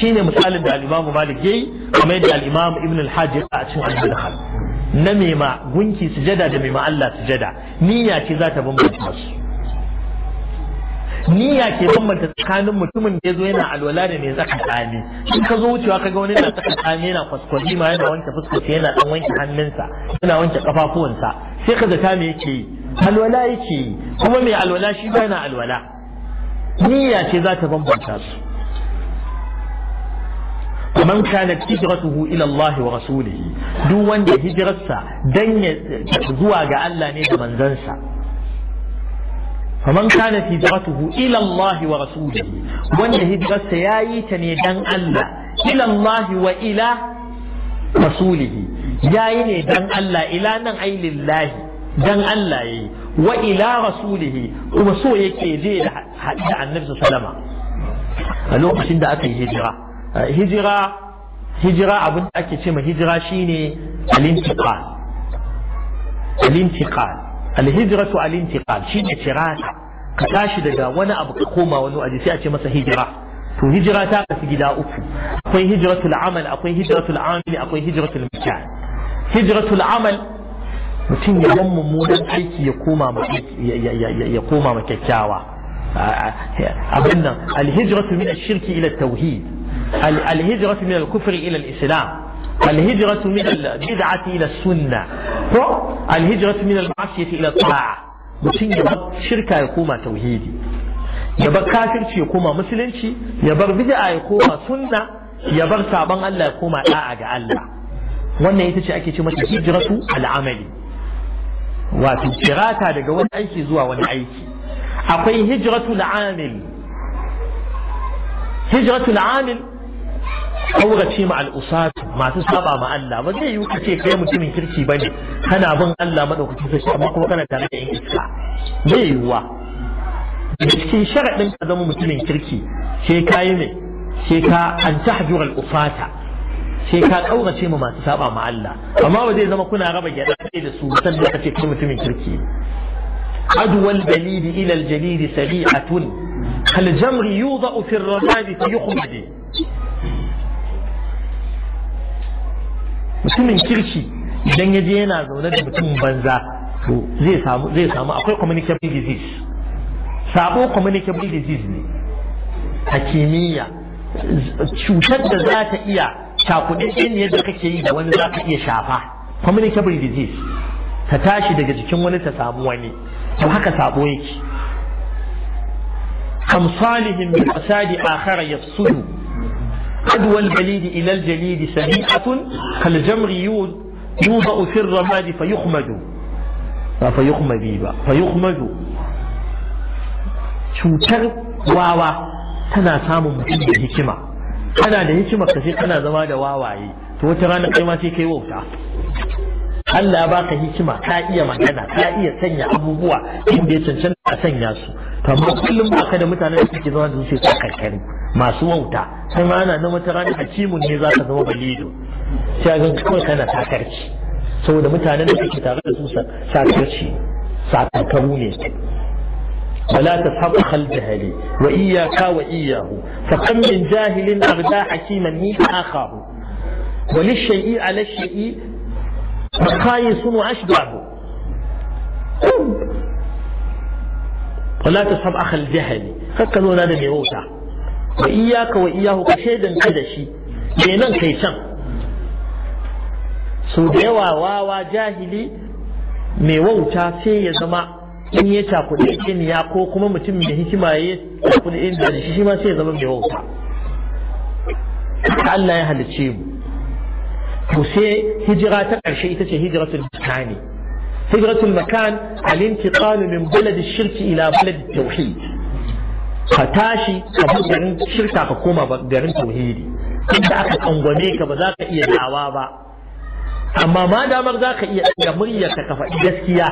shine misalin da al-Imam Malik yayi kuma da al-Imam Ibn al-Hajj a cikin al-Bukhari na mema gunki sujada da mema Allah sujada niyya ce za ta bambanta su niyya ke bambanta tsakanin mutumin da ya zo yana alwala da mai tsaka tsami in ka zo wucewa ka ga wani na tsaka tsami yana kwaskwali ma yana wanke fuskarsa yana dan wanke hannunsa yana wanke kafafuwansa sai ka zata me yake yi alwala yake yi kuma mai alwala shi ba yana alwala niyya ce za ta bambanta su man kanat hijratuhu ila Allah wa rasulihi duk wanda hijirarsa dan zuwa ga Allah ne da manzansa faman kana hijratuhu ila Allah wa rasulihi wanda hijrarsa yayi ta ne dan Allah ila Allah wa ila rasulihi yayi ne dan Allah ila nan ai dan Allah yayi wa ila rasulihi kuma so yake zai da hadda annabi a lokacin da aka yi hijira hijira hijira abin ake ce ma hijira shine al الهجرة الانتقال شين اعتراض كتاشي دقا وانا ابقى قوما وانو اجيسي اعتي مسا هجرة تو هجرة تاقى تجدا اكو اقوي هجرة العمل اقوي هجرة العامل اقوي هجرة المكان هجرة العمل مثل يوم ممولا ايكي يقوما يقوما مكاكاوا الهجرة من الشرك إلى التوحيد الهجرة من الكفر إلى الإسلام الهجرة من البدعة إلى السنة الهجرة من المعصية إلى الطاعة لكن يبقى شركة يقوم توحيدي يبقى كافر يقوم مسلم يبقى بدعة يقوم سنة يبقى تعبان الله يقوم لا أعجى الله وانا يتشي أكي شمت الهجرة على وفي الشراكة لقوان أيكي زوا وانا أقول هجرة العامل هجرة العامل aurace ma al'usat masu saba ma Allah ba zai yi ka ce kai mutumin kirki bane kana bin Allah madaukakin sarki amma kuma kana tare da yan iska zai yiwuwa da cikin sharaɗin ka zama mutumin kirki sai ka yi ne sai ka an tahjura al'usata sai ka kaurace ma masu saba ma Allah amma ba zai zama kuna raba gyada da su sanda ka ce kai mutumin kirki عدوى البليد إلى الجليد سريعة كالجمر يوضع في الرماد فيخمد Musulmin kirki idan ya je yana zaune da mutum banza to zai samu zai samu akwai communicable disease sabo communicable disease ne a kimiyya cutar da za ta iya cakuɗe ɗin yadda kake yi da wani za ka iya shafa communicable disease ta tashi daga jikin wani ta samu wani to haka sabo yake kam salihin bil fasadi akhara yafsudu عدوى الجليد إلى الجليد سبيعة كالجمريون يوضع في الرماد فيخمد ba fa yukhmadi ba fa yukhmadu cutar wawa tana samun mutum da hikima kana da hikima ka sai kana zama da wawaye to wata rana kai ma sai kai wauta Allah baka hikima ka iya magana ka iya sanya abubuwa inda ya cancanta a sanya su to amma kullum baka da mutanen da suke zama da zuciya ta kankare masu wauta ma ana na wata rana hakimun ne za ka zama balido sai ga kawai kana takarci saboda mutanen da suke tare da su sakarci sakarkaru ne ولا تصحب خلجهلي وإياك وإياه فكم من جاهل أغدى حكيما من آخاه وللشيء على الشيء bakayin sun washe dabu wala ta sab akhal jahili kakka zo na da mewuta wa iyaka wa iyahu ka shaidan ta da shi kenan kai can so da yawa wawa jahili mai wauta sai ya zama in ya cakuɗe kiniya ko kuma mutum mai hikima ya cakuɗe inda da shi shi ma sai ya zama mai wauta Allah ya halice mu to sai hijira ta ƙarshe ita ce hijiratul makani hijiratul makan al-intiqal min balad ash-shirk ila balad at-tauhid ka tashi ka bar garin shirka ka koma garin tauhidi inda aka kangwame ka ba za ka iya dawa ba amma ma damar za ka iya ɗaga ka faɗi gaskiya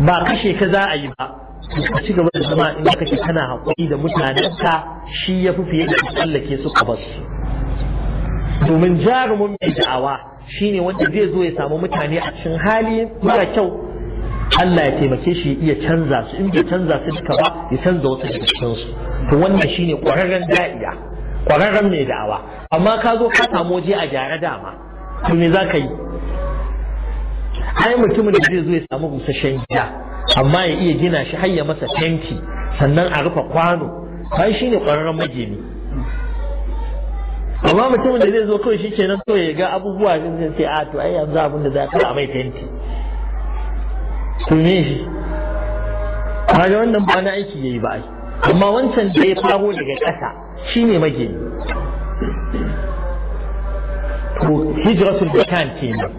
ba kashe ka za a yi ba ka ci gaba da zama in kake kana haƙuri da mutanenka shi ya fi fiye da tsallake su ka basu domin jarumin mai da'awa shine wanda zai zo ya samu mutane a cikin hali mara kyau Allah ya taimake shi ya iya canza su in bai canza su duka ba ya canza wasu daga cikin su to wannan shine kwararren da'iya kwararren mai da'awa amma ka zo ka samu waje a gyara dama to me za ka yi ai mutumin da zai zo ya samu busasshen gida amma ya iya gina shi har ya masa tanki sannan a rufe kwano bai shine kwararren majemi amma mutumin da zai zo kawai shi kenan so ya ga abubuwa zai sai a to ai yanzu abin da za ka a mai fenti to me shi kaga wannan ba na aiki yayi ba ai amma wancan da ya faro daga ƙasa shine magini to hijratul bakan kenan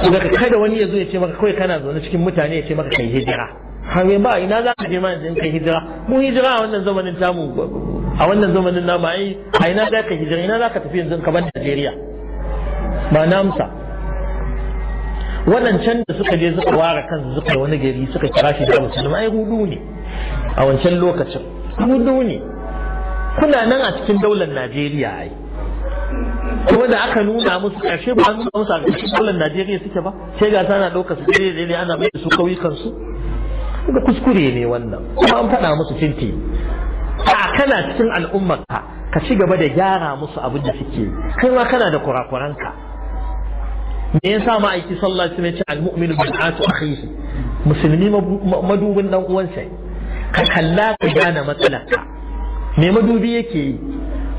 ka kada wani ya zo ya ce maka kawai kana zaune cikin mutane ya ce maka kai hijira har ba ina za ka je ma yanzu kai hijira mu hijira a wannan zamanin tamu a wannan zamanin na ma'ai a ina za ka hijira ina za ka tafi yanzu ka Najeriya ba namsa waɗancan da suka je suka ware kansu suka yi wani gari suka kira shi da musulmi ai hudu ne a wancan lokacin hudu ne kuna nan a cikin daular Najeriya ai kuma da aka nuna musu ƙarshe ba an nuna musu a ƙarshen daular Najeriya suke ba sai ga sana ɗaukar su daidai ana mai su kauyukan su da kuskure ne wannan kuma an faɗa musu tinti kana cikin al'ummarka ka ci gaba da gyara musu abin da suke kai ma kana da kurakuranka me yasa ma aiki sallah sai mai ya ce al-mu'minu bil'atu akhihi musulmi madubin dan uwansa ka kalla ka gane matsalarka me madubi yake yi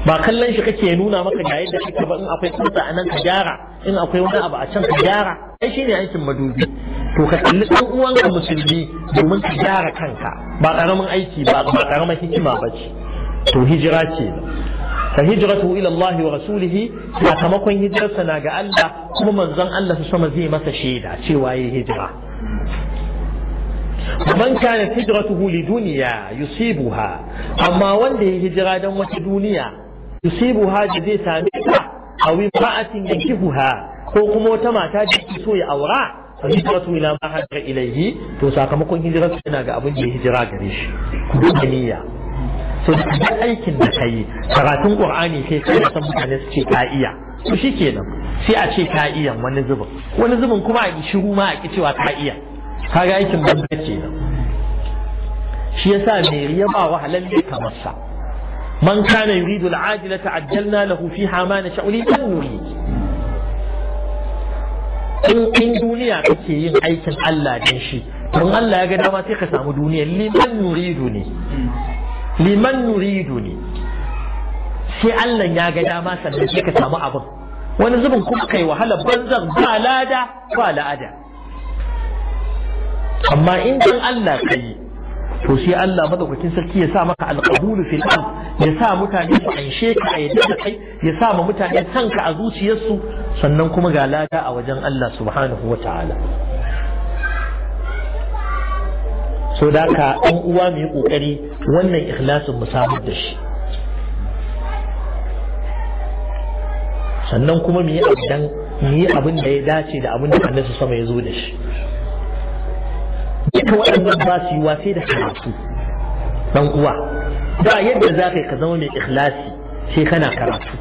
ba kallon shi kake nuna maka ga yadda kake ba in akwai kusa a nan ka gyara in akwai wani abu a can ka gyara ai shine aikin madubi to ka kalli dan uwanka musulmi domin ka gyara kanka ba karamin aiki ba ba karamin hikima ba ce to hijira ce fa hijratu ila Allah wa rasulihi sakamakon hijirarsa na ga Allah kuma manzon Allah su sama zai masa shaida cewa yayi hijira ومن amma wanda yayi hijira dan wata هجرة دم دنيا zai جدي ta أو امرأة ينكفها ko kuma wata mata da ke so ya aura fa hijratu ila ma hajara ilayhi to sakamakon hijirarsa yana ga abin da ya hijira gare shi ku niyya so da duk aikin da kai karatun qur'ani sai ka san mutane su ce ka iya to shikenan sai a ce ka iya wani zubin wani zubin kuma a shiru ma a ki cewa ka iya kaga aikin banza nan. shi yasa mai riya ba wahalan ne kamar sa man kana yuridu al'ajila ta'ajjalna lahu fiha ma nasha'u liman nurid in in duniya kake yin aikin Allah din shi don Allah ya ga dama sai ka samu duniya liman nuridu ne liman nuridu ne sai Allah ya ga dama sannan sai ka samu abin wani zubin kuma kai wahala banzan ba lada ba la'ada amma in dan Allah kai to sai Allah madaukakin sarki ya sa maka alqabulu fil ard ya sa mutane su anshe ka a yadda kai ya sa ma mutane sanka a zuciyarsu sannan kuma ga lada a wajen Allah subhanahu wataala so da ka ɗan uwa mu yi ƙoƙari wannan ikhlasin mu samu da shi sannan kuma mu yi abin mu yi abin da ya dace da abin da annabi sama ya zo da shi duka waɗannan ba su yi wa sai da karatu dan uwa da yadda za ka ka zama mai ikhlasi sai kana karatu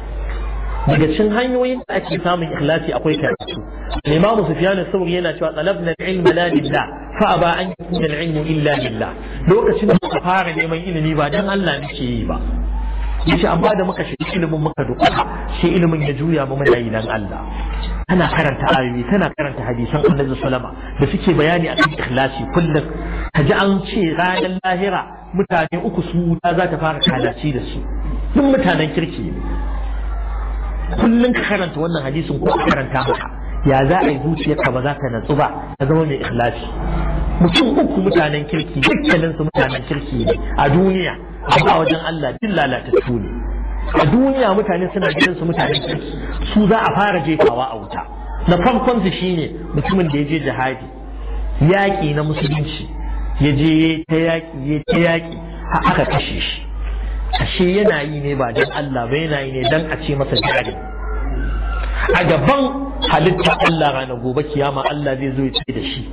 daga cikin hanyoyin da ake samun ikhlasi akwai karatu Imam Sufyan al-Thawri yana cewa talabna al-ilma la lillah fa ba an yakuna al-ilmu illa billah lokacin da muka fara neman ilimi ba dan Allah muke yi ba yace amma da muka shiga ilimin muka duka sai ilimin ya juya mu muna yi dan Allah tana karanta ayoyi tana karanta hadisan Annabi sallama da suke bayani akan ikhlasi kullum kaji an ce ranar lahira mutane uku su wuta za ta fara kalaci da su duk mutanen kirki ne kullum ka karanta wannan hadisin ko ka karanta maka ya za a yi zuciyarka ba za ta natsu ba ta zama mai ikhlasi mutum uku mutanen kirki dukkanin su mutanen kirki ne a duniya ba wajen Allah din lalatattu ne a duniya mutane suna gidan su mutanen kirki su za a fara jefawa a wuta na farkon su shine mutumin da ya je jihadi yaƙi na musulunci ya je ta yaƙi ya ta yaƙi aka kashe shi ashe yana yi ne ba don Allah ba yana yi ne don a ce masa jihadi a gaban halitta Allah ranar gobe kiyama Allah zai zo ya ce da shi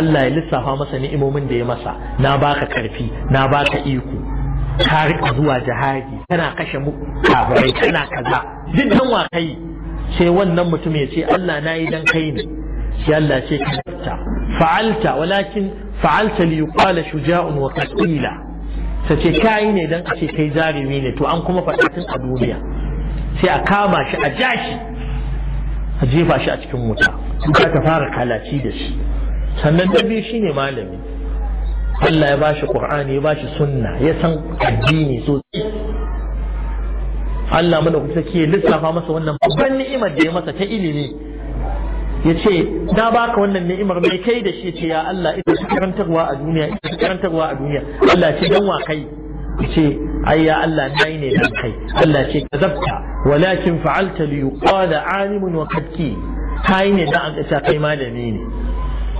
Allah ya lissafa masa ni'imomin da ya masa na baka karfi na baka iko ka rika zuwa jihadi kana kashe kafirai kana kaza duk nan wa kai sai wannan mutum ya ce Allah na yi dan kai ne sai Allah ce ka fa'alta walakin fa'alta li yuqala shuja'un wa qatila ta ce kayi ne don a ce kai jarumi ne to an kuma faɗa tun a duniya sai a kama shi a jashi a jefa shi a cikin wuta wuta ta fara kalaci da shi sannan da biyu shine malami Allah ya bashi Qur'ani ya bashi sunna ya san addini sosai Allah mana kusa ke lissafa masa wannan babban ni'imar da ya masa ta ilimi ya ce na baka wannan ni'imar mai kai da shi ce ya Allah ita karantarwa a duniya ita karantarwa a duniya Allah ce dan wa kai ce ai ya Allah na yi ne dan kai Allah ce kazabta walakin fa'alta li yuqala alimun wa kadki kai ne dan aka kai malami ne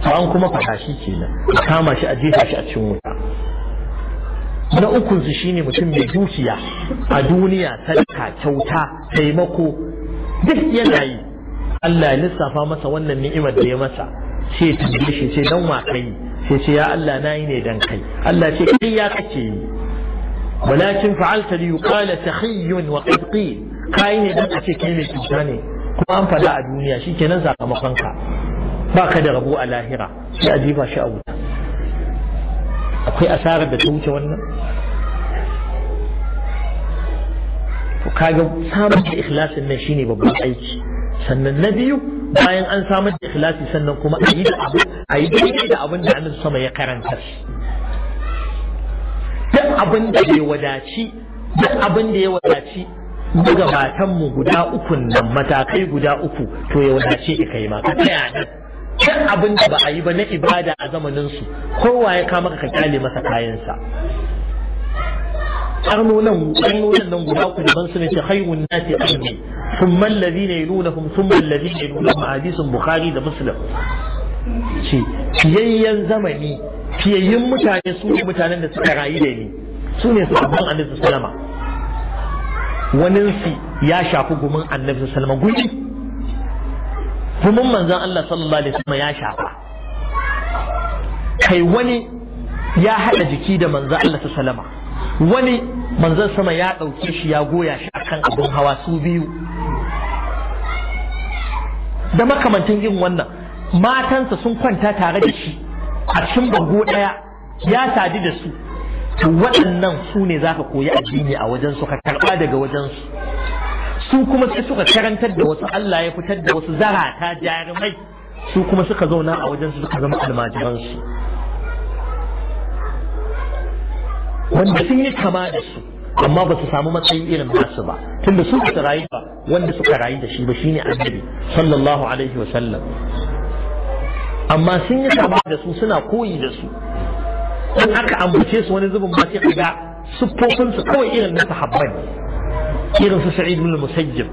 to an kuma fada shi kenan kama shi a jefa shi a cikin wuta na ukun su shine mutum mai dukiya a duniya sadaka kyauta taimako duk yana yi Allah ya lissafa masa wannan ni'imar da ya masa sai ya tambaye shi sai dan wa kai sai ce ya Allah na yi ne dan kai Allah ce kai ya kake yi walakin fa'alta li yuqala tahiyyun wa qad ne dan ake kai mai cuta ne kuma an fada a duniya shikenan sakamakon ka da rabo a lahira sai a jifa shi a wuta akwai asarar da ta wuce wannan to kaga samun da ikhlasin nan shine babban aiki sannan na biyu bayan an samar da ikhlasi sannan kuma a yi da abin da annabi sama ya karanta duk abin da ya wadaci duk abin da ya wadaci matan mu guda uku nan matakai guda uku to ya wadace ki kai ma ka tsaya ni. duk abin da ba a yi ba na ibada a zamanin su kowa ya kama ka kyale masa kayan sa. karnunan nan guda uku ban su ne ta khayrun nasi qarni thumma alladhina yulunhum thumma alladhina yulunhum hadisin bukhari da muslim ce yayyan zamani fiyayyun mutane su ne mutanen da suka rayu da ni su ne sabbin annabi sallama waninsu ya shafi gumin annabi sallama guji gumin manzan Allah sallallahu alaihi wasallam ya shafa kai wani ya haɗa jiki da manzon Allah salama wani manzan sama ya ɗauke shi ya goya shi a kan abin hawa su biyu da makamantan yin wannan matansa sun kwanta tare da shi a cikin bango ɗaya ya sadu da su to waɗannan su ne za ka koyi addini a wajen su ka karɓa daga wajen su su kuma sai suka karantar da wasu Allah ya fitar da wasu zarata jarumai su kuma suka zauna a wajen su suka zama almajiran su wanda sun yi kama da su amma ba su samu matsayin irin nasu ba tunda su suka rayu ba wanda suka rayu da shi ba shine annabi sallallahu alaihi wa sallam amma sun yi kama da su suna koyi da su in aka ambace su wani zubin ma sai ga siffofin kawai irin na sahabban irin su sa'id ibn musayyib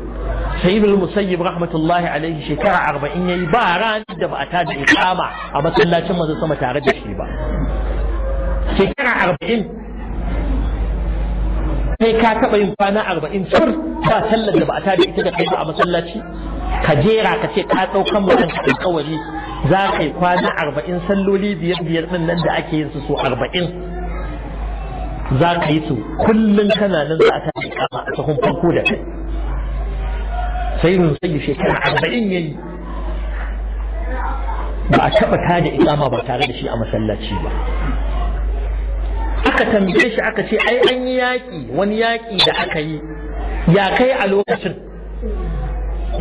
sa'id ibn musayyib rahmatullahi alaihi shekara 40 yayi ba ranar da ba a tada iqama a masallacin manzo sama tare da shi ba shekara arba'in sai ka taɓa yin kwana arba'in cur ba sallar da ba a tada ita da kai ba a masallaci ka jera ka ce ka ɗaukan mutum ka alƙawari za ka yi kwana arba'in salloli biyar biyar ɗin nan da ake yin su so arba'in za ka yi su kullum kana nan za ta yi kama a sahun farko da kai sai mun sai shekara arba'in yayi ba a taɓa tada ikama ba tare da shi a masallaci ba aka tambaye shi aka ce ai an yi yaƙi wani yaƙi da aka yi ya kai a lokacin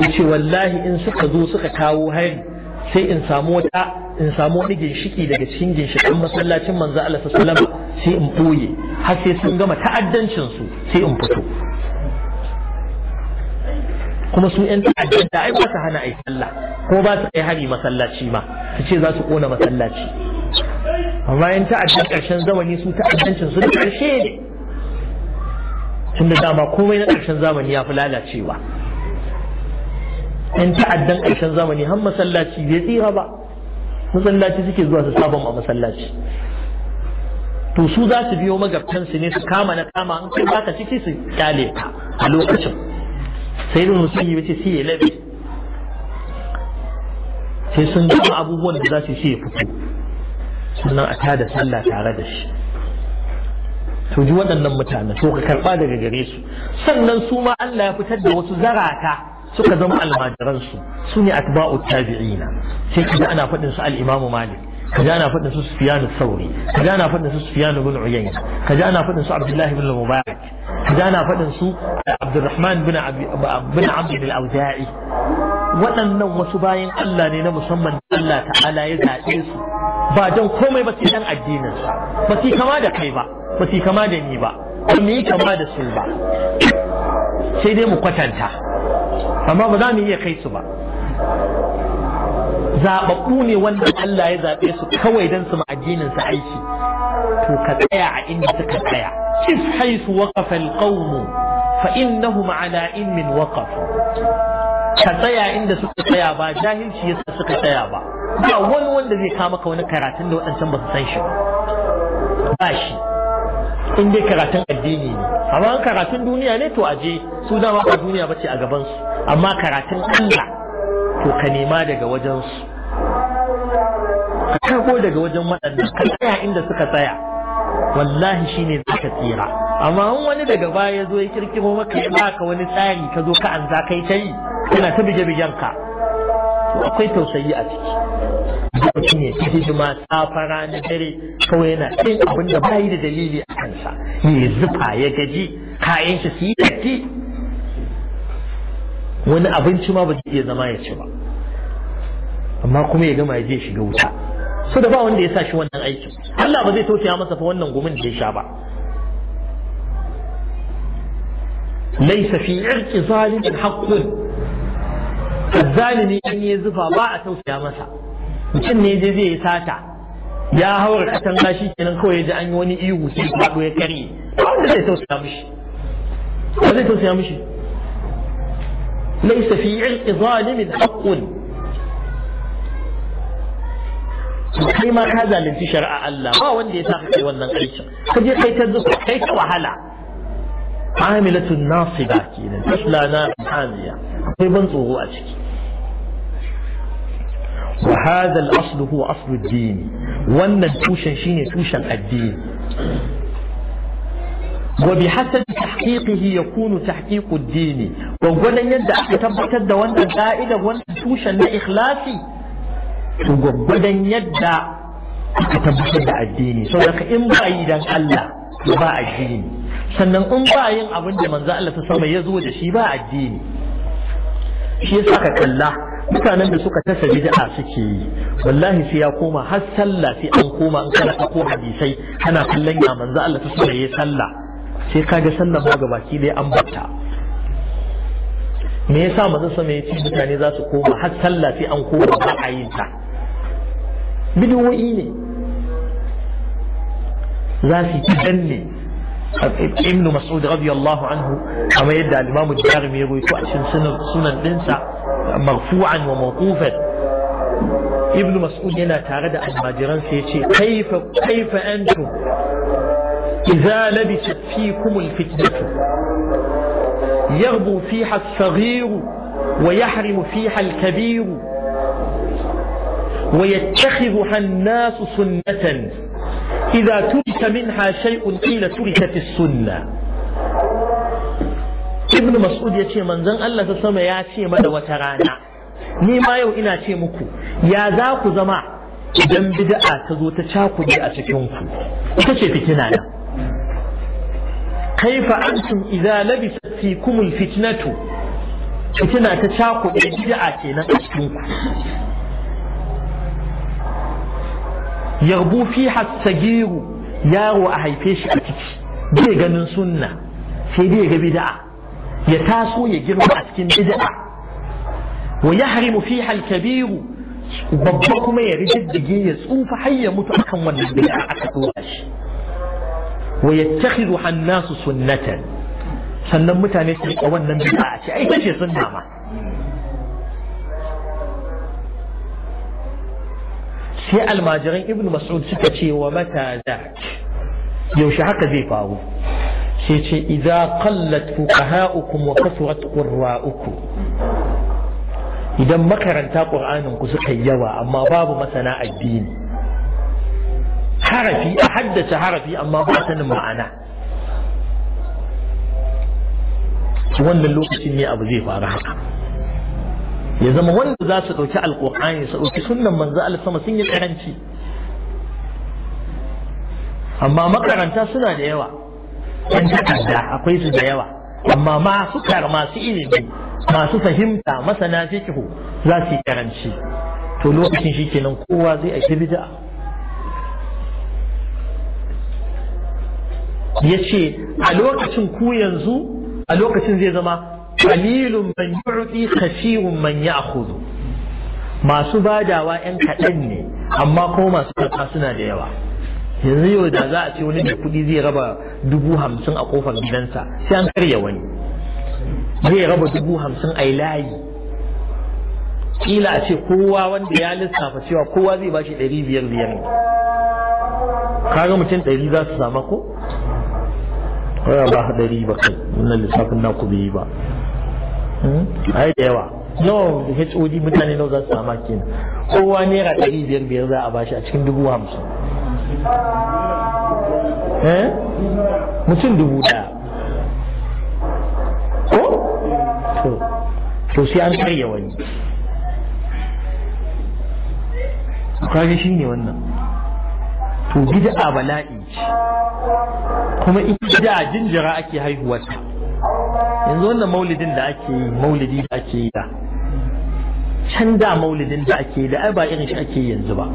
ya ce wallahi in suka zo suka kawo hari sai in samu wata in samu wani ginshiki daga cikin ginshikan masallacin manzo Allah sallallahu sai in boye har sai sun gama ta'addancin su sai in fito kuma su yan ta'addan da ai ba su hana ai sallah ko ba su kai hari masallaci ma su ce za su kona masallaci amma yan ta'addan karshen zamani su ta'addancin su da karshe ne tun da dama komai na karshen zamani ya fi lalacewa Yan ta'addan ƙarshen zamani har masallaci bai tsira ba masallaci suke zuwa su sabon a masallaci to su za su biyo magabtansu ne su kama na kama an kai baka ciki su kyale ka a lokacin sai da mutum yi wace sai ya labe sai sun gama abubuwan da za su sai ya fito sannan a tada sallah tare da shi to ji waɗannan mutanen to ka karɓa daga gare su sannan su ma Allah ya fitar da wasu zarata suka zama almajiransu su ne atba'u tabi'ina sai kaga ana faɗin su al-imamu malik kaja ana faɗin su sufyanu sauri kaja ana faɗin su sufyanu bin uyayna kaja ana faɗin su abdullahi bin mubarak kaja ana faɗin su eh, abdurrahman bin bin abd al-awza'i waɗannan wasu bayan Allah ne na musamman Allah ta'ala ya zaɓe su ba don komai ba sai dan addinin su ba sai kama da kai ba ba sai kama da ni ba ba mu yi kama da su ba sai dai mu kwatanta amma ba za mu iya kai su ba zaɓaɓɓu ne wanda Allah ya zaɓe su kawai don su ma'addinin su aiki to ka tsaya a inda suka tsaya is haisu waqafa alqawm fa innahum ala ilmin waqaf ka tsaya inda suka tsaya ba jahilci yasa suka tsaya ba ba wani wanda zai kama ka wani karatun da waɗancan ba su san shi ba ba shi in dai karatun addini ne amma karatun duniya ne to aje su dama ba duniya bace a gaban su amma karatun Allah to ka nema daga wajen su ka ko daga wajen waɗannan ka tsaya inda suka tsaya wallahi shine zaka tsira amma in wani daga baya zo ya kirkiro maka ya baka wani tsari ka zo ka an za kai ta yi kana ta bige-bigen ka akwai tausayi a ciki lokacin ya ci hidima fara na dare kawai yana cin abin da bayi da dalili a kansa ne zufa ya gaji kayan shi su yi datti wani abinci ma ba zai iya zama ya ci ba amma kuma ya gama ya je shiga wuta su da ba wanda ya sa shi wannan aikin Allah ba zai tausaya masa fa wannan gumin da ya sha ba laisa fi irki zalimin haqqun الظالم ان يزفى a tausaya masa. mutum ne je zai sata ya haura katanga shi kenan kawai ji an yi wani ihu sai faɗo ya kare wanda zai tausaya mishi ba zai tausaya mishi laysa fi irqi zalimin haqqun kai ma ka zalunci shari'a Allah ba wanda ya saka kai wannan aiki ka je kai ta zuwa kai ta wahala amilatun nasiba kenan tasla na hamiya akwai ban tsoro a ciki wa hadha al-asl wannan tushen shine tushen addini wa bi hasab tahqiqihi yakunu tahqiqu ad-din gwagwadon yadda aka tabbatar da wannan ka'ida wannan tushen na ikhlasi to gwagwadon yadda aka tabbatar da addini saboda in ba yi dan Allah ba addini sannan in ba yin abin da manzo Allah ta sama ya zo da shi ba addini shi yasa ka kalla mutanen da suka tasa bid'a suke yi wallahi sai ya koma har sallah sai an koma an kana ko hadisai kana kallon ya manzo Allah ta sura yayi sallah sai kaga sallah ba ga baki dai an batta me yasa manzo sama yace mutane za su koma har sallah sai an koma ba a yin ta bid'o'i ne za su yi danne ابن مسعود رضي الله عنه كما يدعى الإمام الدارمي يروي أحسن سنن سنن دنسا مرفوعا وموقوفا ابن مسعود ينا تارد ماجران سيشي كيف كيف أنتم إذا لبست فيكم الفتنة يغبو فيها الصغير ويحرم فيها الكبير ويتخذها الناس سنة إذا ترك منها شيء turi تركت السنة ibnu mas'ud ya ce manzon Allah ta sama ya ce mada wata rana ni ma yau ina ce muku ya za ku zama idan bid'a ta zo ta cakuɗe a cikin ku ita ce fitina na kaifa antum idza labisat fikum fitnatu. fitina ta cakuɗe bid'a kenan a cikin ku yarbu fi hasagiru yaro a haife shi a ciki bai ganin sunna sai dai ga bid'a ya taso ya girma a cikin bid'a wa yahrimu fiha al-kabiru babba kuma ya rijiddige ya tsufa har ya mutu akan wannan bid'a aka dora shi wa yattakhidhu an-nasu sunnatan sannan mutane su rika wannan bid'a ce ai kace sunna ma sai almajiran ibnu mas'ud suka ce wa mata zak yaushe haka zai faru sai ce idza qallat fuqaha'ukum wa kasurat qurra'ukum idan makaranta qur'anin ku suka yawa amma babu masana addini harafi a haddace harafi amma ba sanin ma'ana wannan lokacin ne abu zai faru haka ya zama wanda za su ɗauki alƙur'ani su ɗauki sunnan manzo Allah sama sun yi karanci amma makaranta suna da yawa yan takarda akwai su da yawa amma masu kar masu ilimi masu fahimta masana fiqhu za su yi karanci to lokacin shi kenan kowa zai aiki bid'a ya a lokacin ku yanzu a lokacin zai zama qalilun man yu'ti manya a ya'khudhu masu badawa yan kaɗan ne amma kuma masu karɓa suna da yawa yanzu yau da za a ce wani da kuɗi zai raba dubu hamsin a kofar gidansa sai an karya wani zai raba dubu hamsin a layi kila a ce kowa wanda ya lissafa cewa kowa zai ba shi ɗari biyar biyar ne kaga mutum ɗari za su sama ko? ba ɗari ba kai wannan lissafin naku bai yi ba Hmm? ai da yawa no HOD mutane nawa za su sama kenan kowa naira ɗari biyar biyar za a bashi a cikin dubu hamsin eh? mutum dubu ɗaya ko to sai an karya wani kaga shi ne wannan to bid'a bala'i kuma ita jinjira ake haihuwarta yanzu wannan maulidin da ake yi maulidi da ake yi da can da maulidin da ake yi da ai ba irin shi ake yanzu ba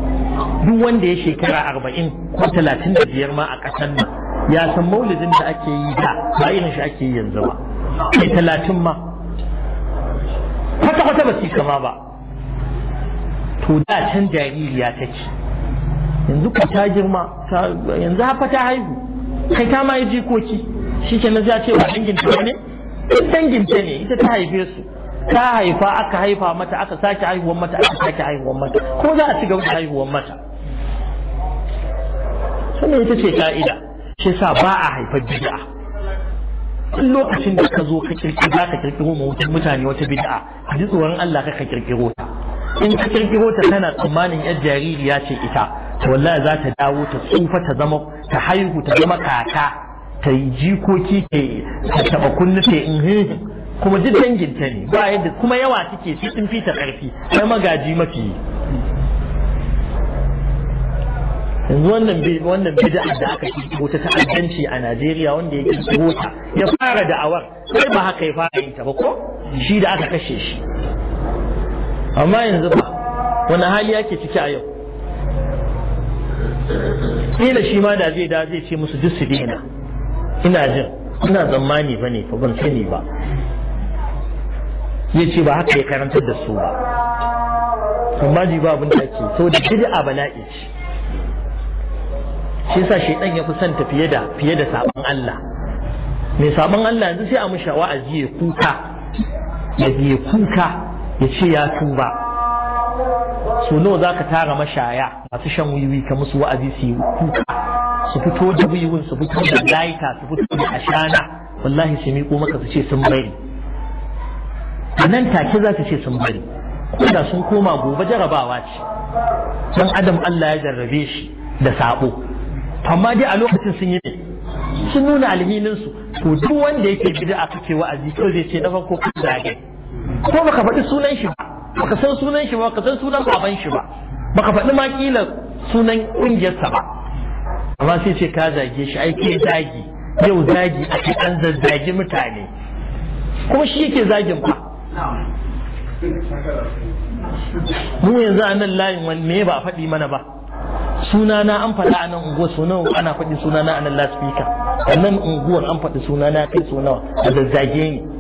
duk wanda ya shekara arba'in ko talatin da biyar ma a ƙasar nan ya san maulidin da ake yi da ba irin shi ake yi yanzu ba ai talatin ma kwata-kwata ba su kama ba to da can jaririya take yanzu ku ta girma yanzu hafa ta haihu kai ta ma yi jikoki shi ke na ce ba danginta ne eh, ta ne ita ta haife su ta haifa aka haifa mata aka sake haihuwar mata aka sake haihuwar mata ko za a ci gaba da haihuwar mata sannan ita ce ka'ida shi sa ba a haifar bid'a in lokacin da ka zo ka kirkiro za ka kirkiro ma wutar mutane wata bid'a a ji tsoron Allah ka kirkiro ta in ka kirkiro ta tana tsammanin yar jaririya ce ita to wallahi za ta dawo ta tsufa ta zama ta haihu ta zama kaka ta jikoki ke taɓa kunna ta in kuma duk danginta ne ba yadda kuma yawa suke su sun fita ƙarfi sai magaji mafi yanzu wannan wannan bid'a da aka kirkiro ta ta'addanci a Najeriya wanda ya kirkiro ya fara da'awar sai ba haka ya fara yin ta ba ko shi da aka kashe shi amma yanzu ba wani hali yake ciki a yau kila shi ma da zai da zai ce musu duk su daina ina jin ina zammani ba ne ban sani ba ya ce ba haka ya karantar da su ba amma ji ba abin da ake to da a bala'i ce shi yasa shaitan ya santa fiye da fiye da sabon Allah mai sabon Allah yanzu sai a shawa ajiye ya kuka ya kuka ya ce ya tuba su nawa za ka tara mashaya masu shan wiwi ka musu wa'azi su yi kuka su fito da wiwin su fito da laita su fito da ashana wallahi su miƙo maka su ce sun bari a nan take za su ce sun bari ko sun koma gobe jarabawa ce dan adam Allah ya jarrabe shi da sabo amma dai a lokacin sun yi ne sun nuna alhinin su to duk wanda yake bid'a kake wa'azi to zai ce na farko kun zage ko baka faɗi sunan shi ba baka san sunan shi ba baka san sunan baban shi ba baka faɗi ma kila sunan ƙungiyarsa ba amma sai ce ka zage shi ai ke zagi yau zagi a ce an zazzagi mutane kuma shi yake zagin ba mu yanzu a nan layin wani me ba a faɗi mana ba sunana an faɗa a nan unguwar sunawa ana faɗi sunana a nan laspika a nan unguwar an faɗi sunana kai sunawa a zazzage ni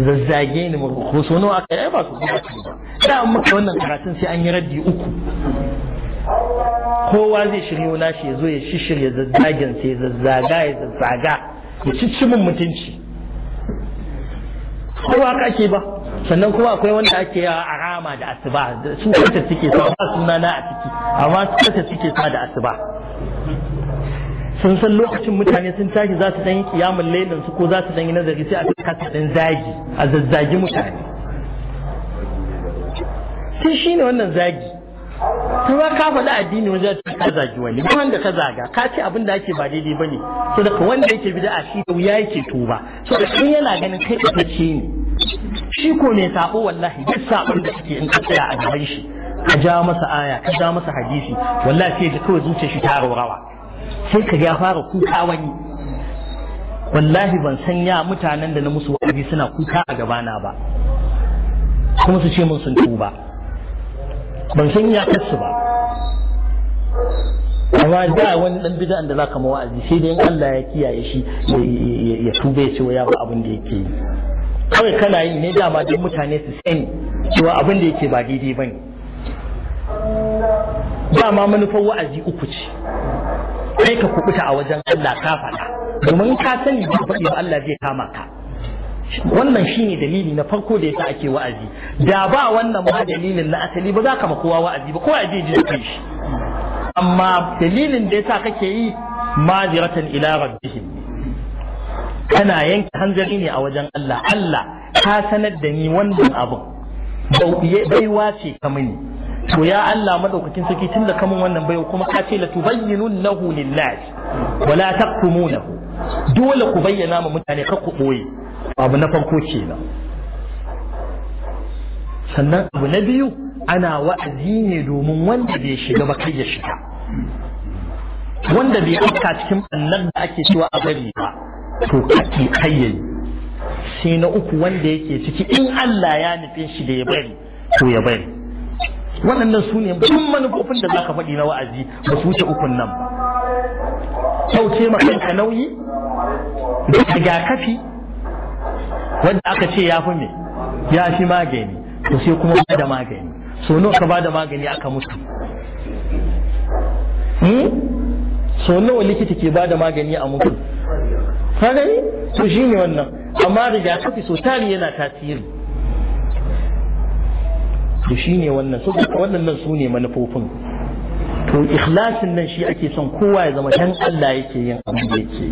zazzage ni ko so nawa aka yi ba su kuma ba da an maka wannan karatun sai an yi raddi uku kowa zai shirya nashi ya zo ya shishirya zazzagen sai ya zazzaga ya zazzaga ya cici min mutunci kowa ka ake ba sannan kuma akwai wanda ake yawa a rama da asuba su kanta suke sa ba sunana a ciki amma su kanta suke sa da asuba sun san lokacin mutane sun tashi za su ɗan yi kiyamun lailin su ko za su ɗan yi nazari sai a kasa dan zagi a zazzagi mutane sai shi ne wannan zagi ba ka faɗa addini wajen da ka zagi wani duk wanda ka zaga ka ce abin da ake ba daidai bane so da wanda yake bid'a shi da wuya yake tuba so da kai yana ganin kai da ce ne shi ko mai sabo wallahi duk sabon da kake in ka tsaya a gaban shi ka ja masa aya ka ja masa hadisi wallahi sai ka kawai zuciyar shi ta rawa. sai ka ya fara kuka wani wallahi ban san ya mutanen da na musu wa'azi suna kuka a gabana ba kuma su ce mun sun tuba ban san ya kasu ba amma da wani dan bid'an da zaka wa'azi sai dai Allah ya kiyaye shi ya tuba ya ce ya ba abin da yake yi kawai kana yi ne dama don mutane su sani cewa abin da yake ba daidai bane dama manufar wa'azi uku ce kai ka kubuta a wajen Allah ka faɗa domin ka sani ba faɗi ba Allah zai kama ka wannan shine dalili na farko da yasa ake wa'azi da ba wannan ma dalilin na asali ba za ka ma kowa wa'azi ba kowa zai ji da shi amma dalilin da yasa kake yi maziratan ila rabbihim kana yanke hanzari ne a wajen Allah Allah ka sanar da ni wannan abin baiwa ce ka mini to ya Allah madaukakin saki tun da kamun wannan bayo kuma ka ce la tubayyinun lahu lillahi wa la taqtumunahu dole ku bayyana ma mutane ka ku boye abu na farko kenan sannan abu na biyu ana wa'azi ne domin wanda bai shiga ba kai ya shiga wanda bai afka cikin annan da ake cewa a bari ba to kake kayyayi sai na uku wanda yake ciki in Allah ya nufin shi da ya bari to ya bari waɗannan su ne duk manufofin da zaka faɗi na wa'azi ba su wuce ukun nan ba sauke ma kanka nauyi rigakafi wanda aka ce ya fi me ya fi magani to sai kuma ba da magani so nawa ka ba da magani aka mutu hmm? so nawa likita ke ba da magani a mutu ka gani to shine wannan amma rigakafi so tari yana tasiri to shine wannan su su ne manufofin to ikhlasin nan shi ake son kowa ya zama dan Allah yake yin abin da yake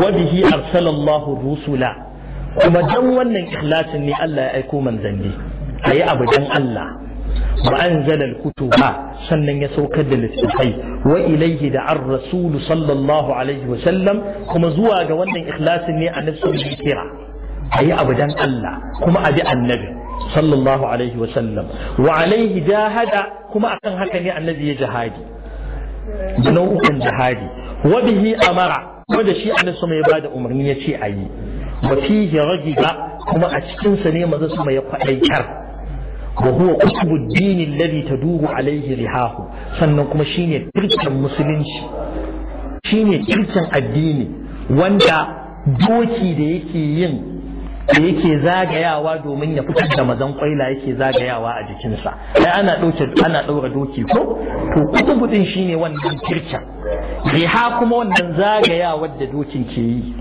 wa bihi arsalallahu rusula kuma dan wannan ikhlasin ne Allah ya aiko manzanni ayi abu dan Allah wa anzala al ba sannan ya saukar da littattafai wa ilayhi da ar rasulu sallallahu alaihi wa sallam kuma zuwa ga wannan ikhlasin ne annabi sun kira ayi abu dan Allah kuma abi annabi sallallahu alaihi wa sallam wa alaihi jahada kuma akan haka ne annabi ya jihadi da nau'ukan jihadi wa bihi amara wanda shi annabi sama ya bada umarni ya ce ayi wa fihi ba, kuma a cikinsa sa ne maza ma ya kwadaitar wa huwa kutubu dini alladhi taduhu alaihi rihahu sannan kuma shine tirkin musulunci shine tirkin addini wanda doki da yake yin da yake zagayawa domin ya fitar da mazan kwaila yake zagayawa a jikinsa ai ana ɗauke ana ɗaura doki ko to kutubu din shine wannan kirkin riha kuma wannan zagayawa da dokin ke yi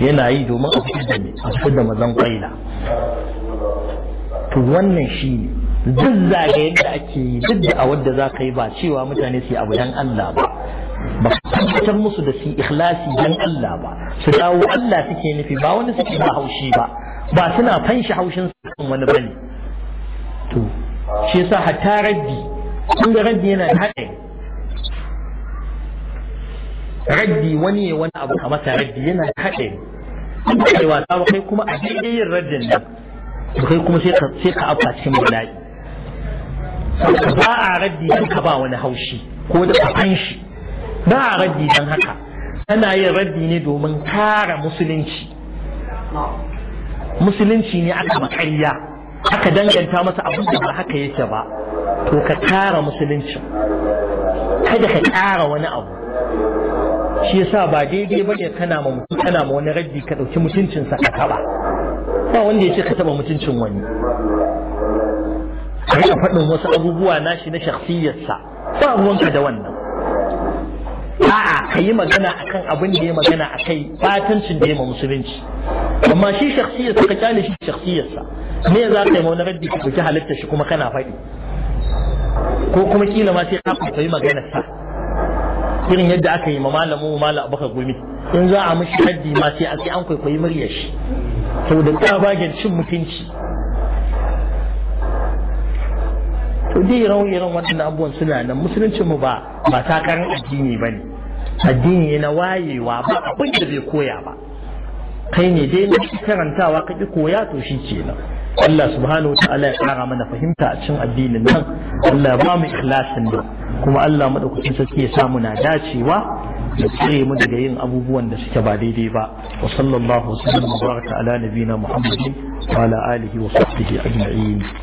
yana yi domin a fitar da a fitar da mazan kwaila to wannan shine duk zagayen da ake yi duk da a wadda za ka yi ba cewa mutane su yi abu dan Allah ba ba su tabbatar musu da su ikhlasi dan Allah ba su dawo Allah suke nufi ba wani suke ba haushi ba ba suna fanshi haushin sun wani bane to shi yasa hatta raddi kun ga raddi yana da haɗe, raddi wani ne wani abu a masa raddi yana da haɗe kai wasa ba kai kuma a daidai yin raddin nan to kai kuma sai ka afka cikin bala'i ba a raddi don ka ba wani haushi ko da ka shi ba raddi don haka Kana yin raddi ne domin kara musulunci musulunci ne aka makarya aka danganta masa abin da ba haka yake ba to ka kara musulunci kada ka kara wani abu shi yasa ba daidai ba ne kana ma mutum kana ma wani raddi ka ɗauki mutuncinsa ka taba ba wanda ya ce ka taba mutuncin wani ka faɗin wasu abubuwa nashi na shakhsiyarsa ba ruwanka da wannan a'a ka yi magana akan abin da ya magana a kai fatancin da ya ma musulunci amma shi shakhsiyarsa ka kyale shi shakhsiyarsa me za ka yi wani raddi ka kuki halitta shi kuma kana faɗi ko kuma kila ma sai ka yi maganar sa irin yadda aka yi ma malamu malam abaka gumi in za a mishi raddi ma sai an kwaikwayi muryar shi saboda bagen cin mutunci to dai ire irin waɗannan abubuwan suna nan musuluncin mu ba ba takarar addini ba ne addini na wayewa ba abin da bai koya ba kai ne dai na karantawa ka ki koya to shi kenan Allah subhanahu wa ta'ala ya kara mana fahimta a cikin addinin nan Allah ya ba mu ikhlasin nan kuma Allah madaukakin sarki ya samu na dacewa da tsare mu daga yin abubuwan da suke ba daidai ba wa sallallahu alaihi wa baraka ala nabiyina muhammadin wa ala alihi wa sahbihi ajma'in